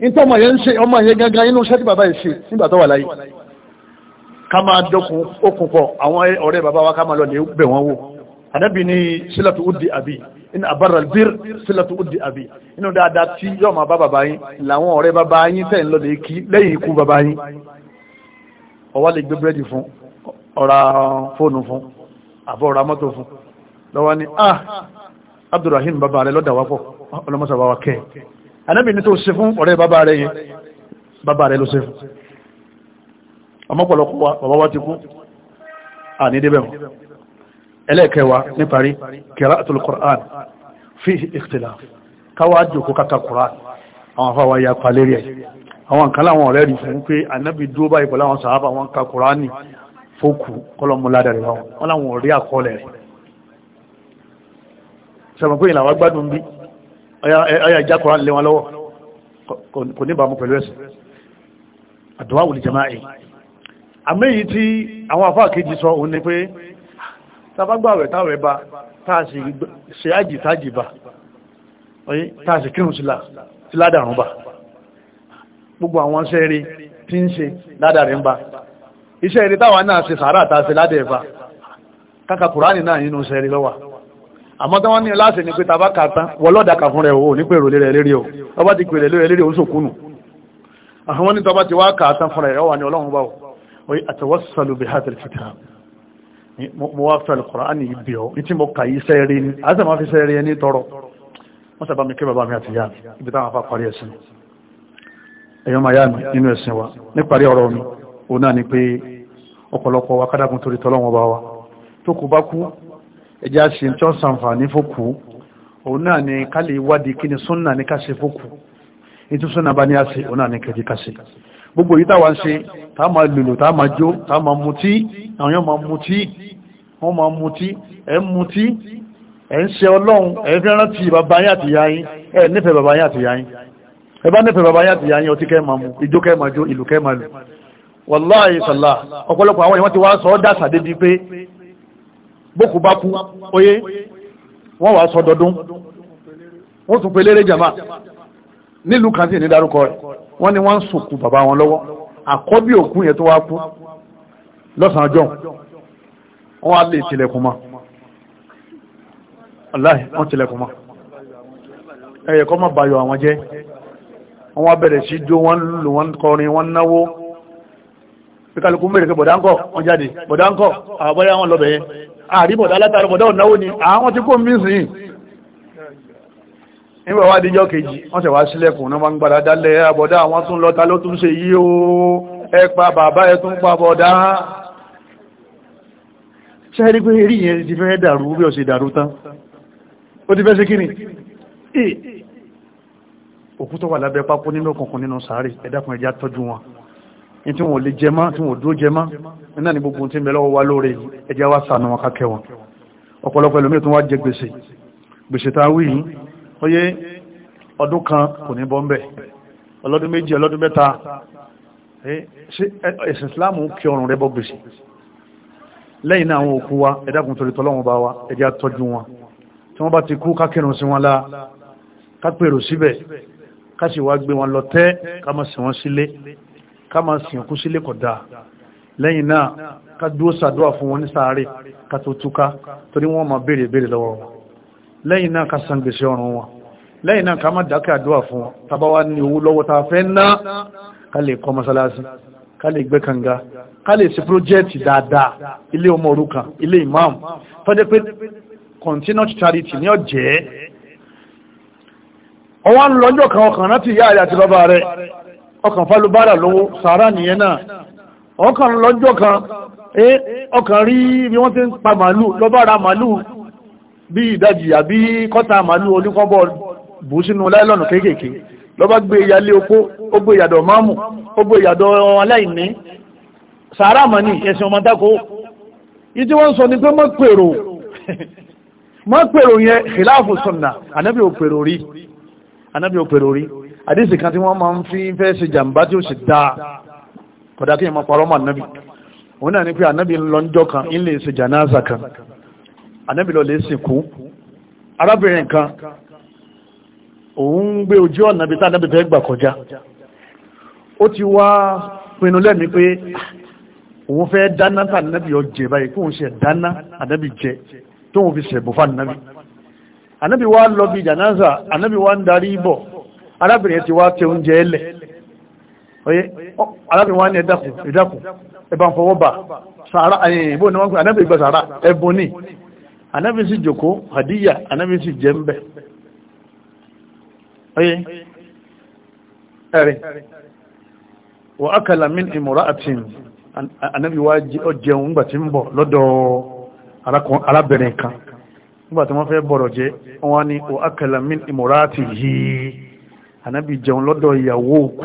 nítorí ọmọ yẹn ṣe ọmọ yẹn gangan inú iṣẹ́ tí bàbá yìí ṣe nígbà tó wà láyé ká máa dọkùn okùn pọ̀ àwọn ọ̀rẹ́ bàbá wa ká máa lọ lè bẹ̀ wọ́n wò ànábì ní sílẹ̀tù udi àbí inú àbára bír sílẹ̀tù udi àbí inú dáadáa tí yóò máa bá bàbá yín làwọn ọ̀rẹ́ bàbá yín tẹ̀ ń lọ lè kí lẹ́yìn ikú bàbá yín ọwọ́ lè gbé búrẹ́dì fún ọ̀ra fóònù fún àbọ̀ ọ̀ra mọ́tò fún lọ́wọ́ ni ah abdulrahim bàbá rẹ̀ lọ́dà wápọ̀ ọlọ́mọsà bá wa kẹ́ anábì ní tó ṣe fún ọ̀rẹ́ bàbá rẹ̀ yẹn bàbá rẹ̀ ló ṣe fún ọmọpọ̀lọpọ̀ bàbá wa ti kú àní débẹ̀ ẹlẹ́ẹ̀kẹwàá ní parí qira'atul Qur'an fi ikhtilaf káwá jòkó kàkà Qur'an àwọn afáwà ya palérí ẹ̀ àwọn nǹkan láwọn ọ̀rẹ́ rí fún pé anábì dúró báyìí pẹ̀lú àwọn sàhábà wọn ka Qur'ani fókù kọlọmúládàrí wọn láwọn ọ̀rẹ́ àkọọ́lẹ̀ rẹ̀ sẹ̀mọ̀ pé ìlànà gbádùn bí ọya ìjà kọ́ra lé wọn lọ́wọ́ kò ní bàmú pẹ̀lú ẹ̀sìn àdúrà wùlì jẹ́mà àmẹ́yìí tí àwọn àfáà kejì sọ òun ni pé tabagbàwẹ̀ táwẹ̀ bá táàsì ṣe ájì táàjì bá táàsì kírùn sí ládàrún bá gbogbo àwọn sẹ́ẹ̀rí tí ń ṣe ládàrín bá iṣẹ́ eré táwa náà ṣe sàárà tàà ṣe ládẹ̀ bá kákà kùránì náà nínú sẹ́ẹ̀rí lọ́wà àmọ́ tí wọ́n ní láti ní pé tàbá kàtán wọlọ́dà kà fún rẹ̀ o ní pèrò lérẹ̀ lérí o ọba ti pèrè lérẹ̀ lérí o sòkúnù àwọn wọn ní tọba ti wá kàtán fún rẹ̀ wà ní ọlọ́run bá o àtẹwọ́sọ̀lù bí hàtẹ̀lì kitab mo wá fẹ́ Al-Qur'an ní ibi ọ́ ní tí mo ni a sì máa ni pé ọ̀pọ̀lọpọ̀ wa kádàkùn torí tọ́lọ́wọ́n bá ẹjá sí tí wọ́n sànfàní fókù òun náà ni ká lè wádìí kí ni súnà ní káṣe fókù ètò súnà bá ní àṣẹ òun náà ní kẹjì káṣe gbogbo yìí táwa ń ṣe tá máa lùlù tá máa jó tá máa mutí àwọn yóò máa mutí wọ́n máa mutí ẹ̀ ń mutí ẹ̀ ń ṣe ọlọ́run ẹ̀ ń fi rántí bàbá yín àti ìyá ẹ̀ nífẹ̀ẹ́ bàbá yín àti ìyá ẹ bá nífẹ̀ẹ́ bàbá yín àti ìyá ọtí kẹ́ máa mu ijó kẹ́ máa jó ìlú kẹ́ máa lù wàláhì sàlá ọ̀pọ̀lọpọ̀ àwọn ìwọ́n ti wá sọ ọ́ dàṣà débi pé bókù bá kú oyé wọ́n wá sọdọdún wọ́n tún pelére jama nílùú kan tí ní dárúkọ rẹ̀ wọ́n ní wọ́n ń sùnkù bàbá wọn lọ́wọ́ àkọ́bí òkú yẹn tó wá kú lọ́sàn-án ọjọ́ wọ́n á lè tilẹ̀kùn mọ́ aláì wọ́n tilẹ̀kùn mọ́ ẹ̀yẹ̀ kọ́ má bayọ̀ àwọn jẹ́ wọ́n wá bẹ̀rẹ̀ sí jó wọ́n lù wọ́n kọrin wọ́n náwó píkàlùkù mẹ́rẹ̀kẹ́ bọ̀dáńkọ̀ wọ́n jáde bọ̀dáńkọ̀ àbáyá wọn lọ́bẹ̀ẹ́ àríbọ̀dá látàrí bọ̀dá ọ̀náwó ni àwọn tí kò mí sìn nígbà wá díjọ́ kejì wọ́n tẹ̀wá sílẹ̀kùn náà wọ́n gbàdá dálẹ̀ àbọ̀dá àwọn tún lọ́ta ló tún ṣe yí o ẹ pa bàbá ẹ tún pa bọ̀dá ṣẹ́rí pé eré yẹn ti fẹ́ dàrú bí ọ̀sẹ̀ dàrú tán ó ti fẹ́ sí kíni òkú tó wà lábẹ́ ní tí wọ́n lè jẹ má tí wọ́n dúró jẹ má iná ní gbogbo tí ń bẹ lọ́wọ́ wa lóore ẹjẹ́ wá sànù wọn kákẹ́ wọn ọ̀pọ̀lọpọ̀ ẹlòmíì tó wá jẹ gbèsè gbèsè tá a wí yìí ó yé ọdún kan kò ní bọ́m̀bẹ̀ ọlọ́dún méjì ọlọ́dún mẹ́ta ẹ̀sìn Islam kí ọrùn rẹ bọ́ gbèsè lẹ́yìn náà àwọn òkú wa ẹ̀dàkùn torí tọ́lọ́wọ́n bá wa ẹjẹ́ ká máa sìnkú sílé kódà lẹ́yìn náà ká dúró sàdúrà fún wọn ní sàárè ká tó túká torí wọ́n máa béèrè béèrè lọ́wọ́ wọn lẹ́yìn náà ká san gbèsè ọrùn wọn lẹ́yìn náà ká má dákẹ́ àdúrà fún wọn tàbá wá ní owó lọ́wọ́ tá a fẹ́ ná ká lè kọ́ mọ́sálásí ká lè gbẹ́ kànga ká lè sí pírójẹ́ẹ̀tì dáadáa ilé ọmọ òrukàn ilé ìmáàmù tọ́jẹ́ pé continued charity ní ọ̀jẹ́ ọwọ́n lọ́jọ́ kan ọkàn rántí ìyá rẹ̀ àti bàbá rẹ̀ ọkàn falubára lówó sàárà nìyẹn náà ọkàn lọ́jọ́ kan eh ọkàn rí bí wọ́n ti ń pa màálù lọ́bára màálù bí ìdajì àbí kọ́ta màálù oníkọ́bọ̀ bù sínú láìlọ́nù kéékèèké lọ́bá gbé ìyálé opó ó gbé ìyàdọ̀ máàmù ó gbé ìyàdọ̀ aláìní sàárà mọ̀ ní ẹ̀sìn ọmọ yìí tí wọ́n sọ ni pé mọ́ pèrò mọ́ pèrò yẹn khilaafu sunna ànábì ò pèrò rí àdísì kan tí wọ́n máa ń fi fẹ́ ṣe jàǹbá tí ó sì dáa kọ̀dá kí ìmọ̀ parọ́ mọ́ ànábì òun náà ni pé ànábì ń lọ níjọ́ kan ń lè ṣe jànáàzà kan ànábì lọ lè sìnkú arábìnrin kan òun ń gbé ojú ọ̀nà bí tánábì fẹ́ gbà kọjá ó ti wá pinnu lẹ́mi pé ah, òun fẹ́ dáná tànábì ọjẹ́ báyìí kóun ṣe dáná ànábì jẹ tóun fi ṣẹ̀bù fún ànábì ànábì wá lọ bí jànáàzà ànábì wá ń darí bọ̀ arábìnrin ti wá tẹ oúnjẹ ẹlẹ̀ oye arábìnrin wá ní ẹ̀dàkùn ẹ̀dàkùn ẹ̀bà fọwọ́ bà sàárà àyìn ìbò ní wọ́n pè anábì ìgbà sàárà ẹ̀bùn ní anábì sì jòkó hàdíyà anábì sì jẹ́ oye ẹ̀rẹ̀ wọ́n akàlà min ìmọ̀ra àti anábì wá jẹun lodo, tí ń bọ̀ lọ́dọ̀ arábìnrin kan nígbà tí wọ́n fẹ́ bọ̀rọ̀ jẹ́ wọ́n ní wọ́n akàlà min ìmọ̀ra àti yìí ànábì jẹun lọ́dọ̀ ìyàwó òkú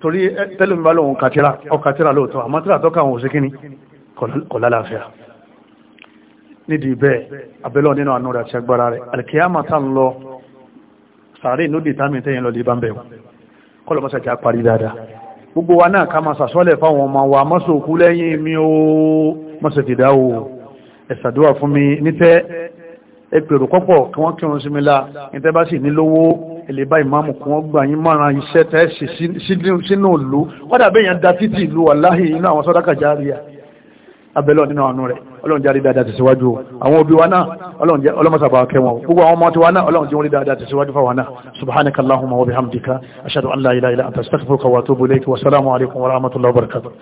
torí tẹ́lẹ̀mí bá lóun kàtírà ọkàtírà lóòtọ́ àmọ́ tíra tọ́ka àwọn òsì kíní kò lálàáfíà nídìí bẹ́ẹ̀ abẹ́lọ́ nínú àánú rẹ̀ àti agbára rẹ̀ alìkíyàmà tá ń lọ sàárè inú dì tàmí tẹ́yìn lọ dìbà ń bẹ̀rù kọ́lọ̀ mọ́sà jẹ́ parí dáadáa gbogbo wa ẹgbèrò kọ́pọ̀ kí wọ́n kírun sí mi lá ìtẹ́bá sì ní lówó ilé bá ìmáàmù kí wọ́n gbà yín márùn iṣẹ́ tẹ́ẹ̀sì sínú ìlú kọ́dà bẹ́ẹ̀ yẹn da títì ìlú wàláhì inú àwọn sọ́dáka járíà abẹ́lọ́ nínú àánú rẹ̀ ọlọ́run járí dáadáa tẹ̀síwájú àwọn òbí wa náà ọlọ́mọsàbà kẹwọn gbogbo àwọn ọmọ tí wa náà ọlọ́run jíwọ́n rí subhanakallahumma wa bihamdika ashhadu an la ilaha illa wa atubu ilayk wa assalamu alaykum wa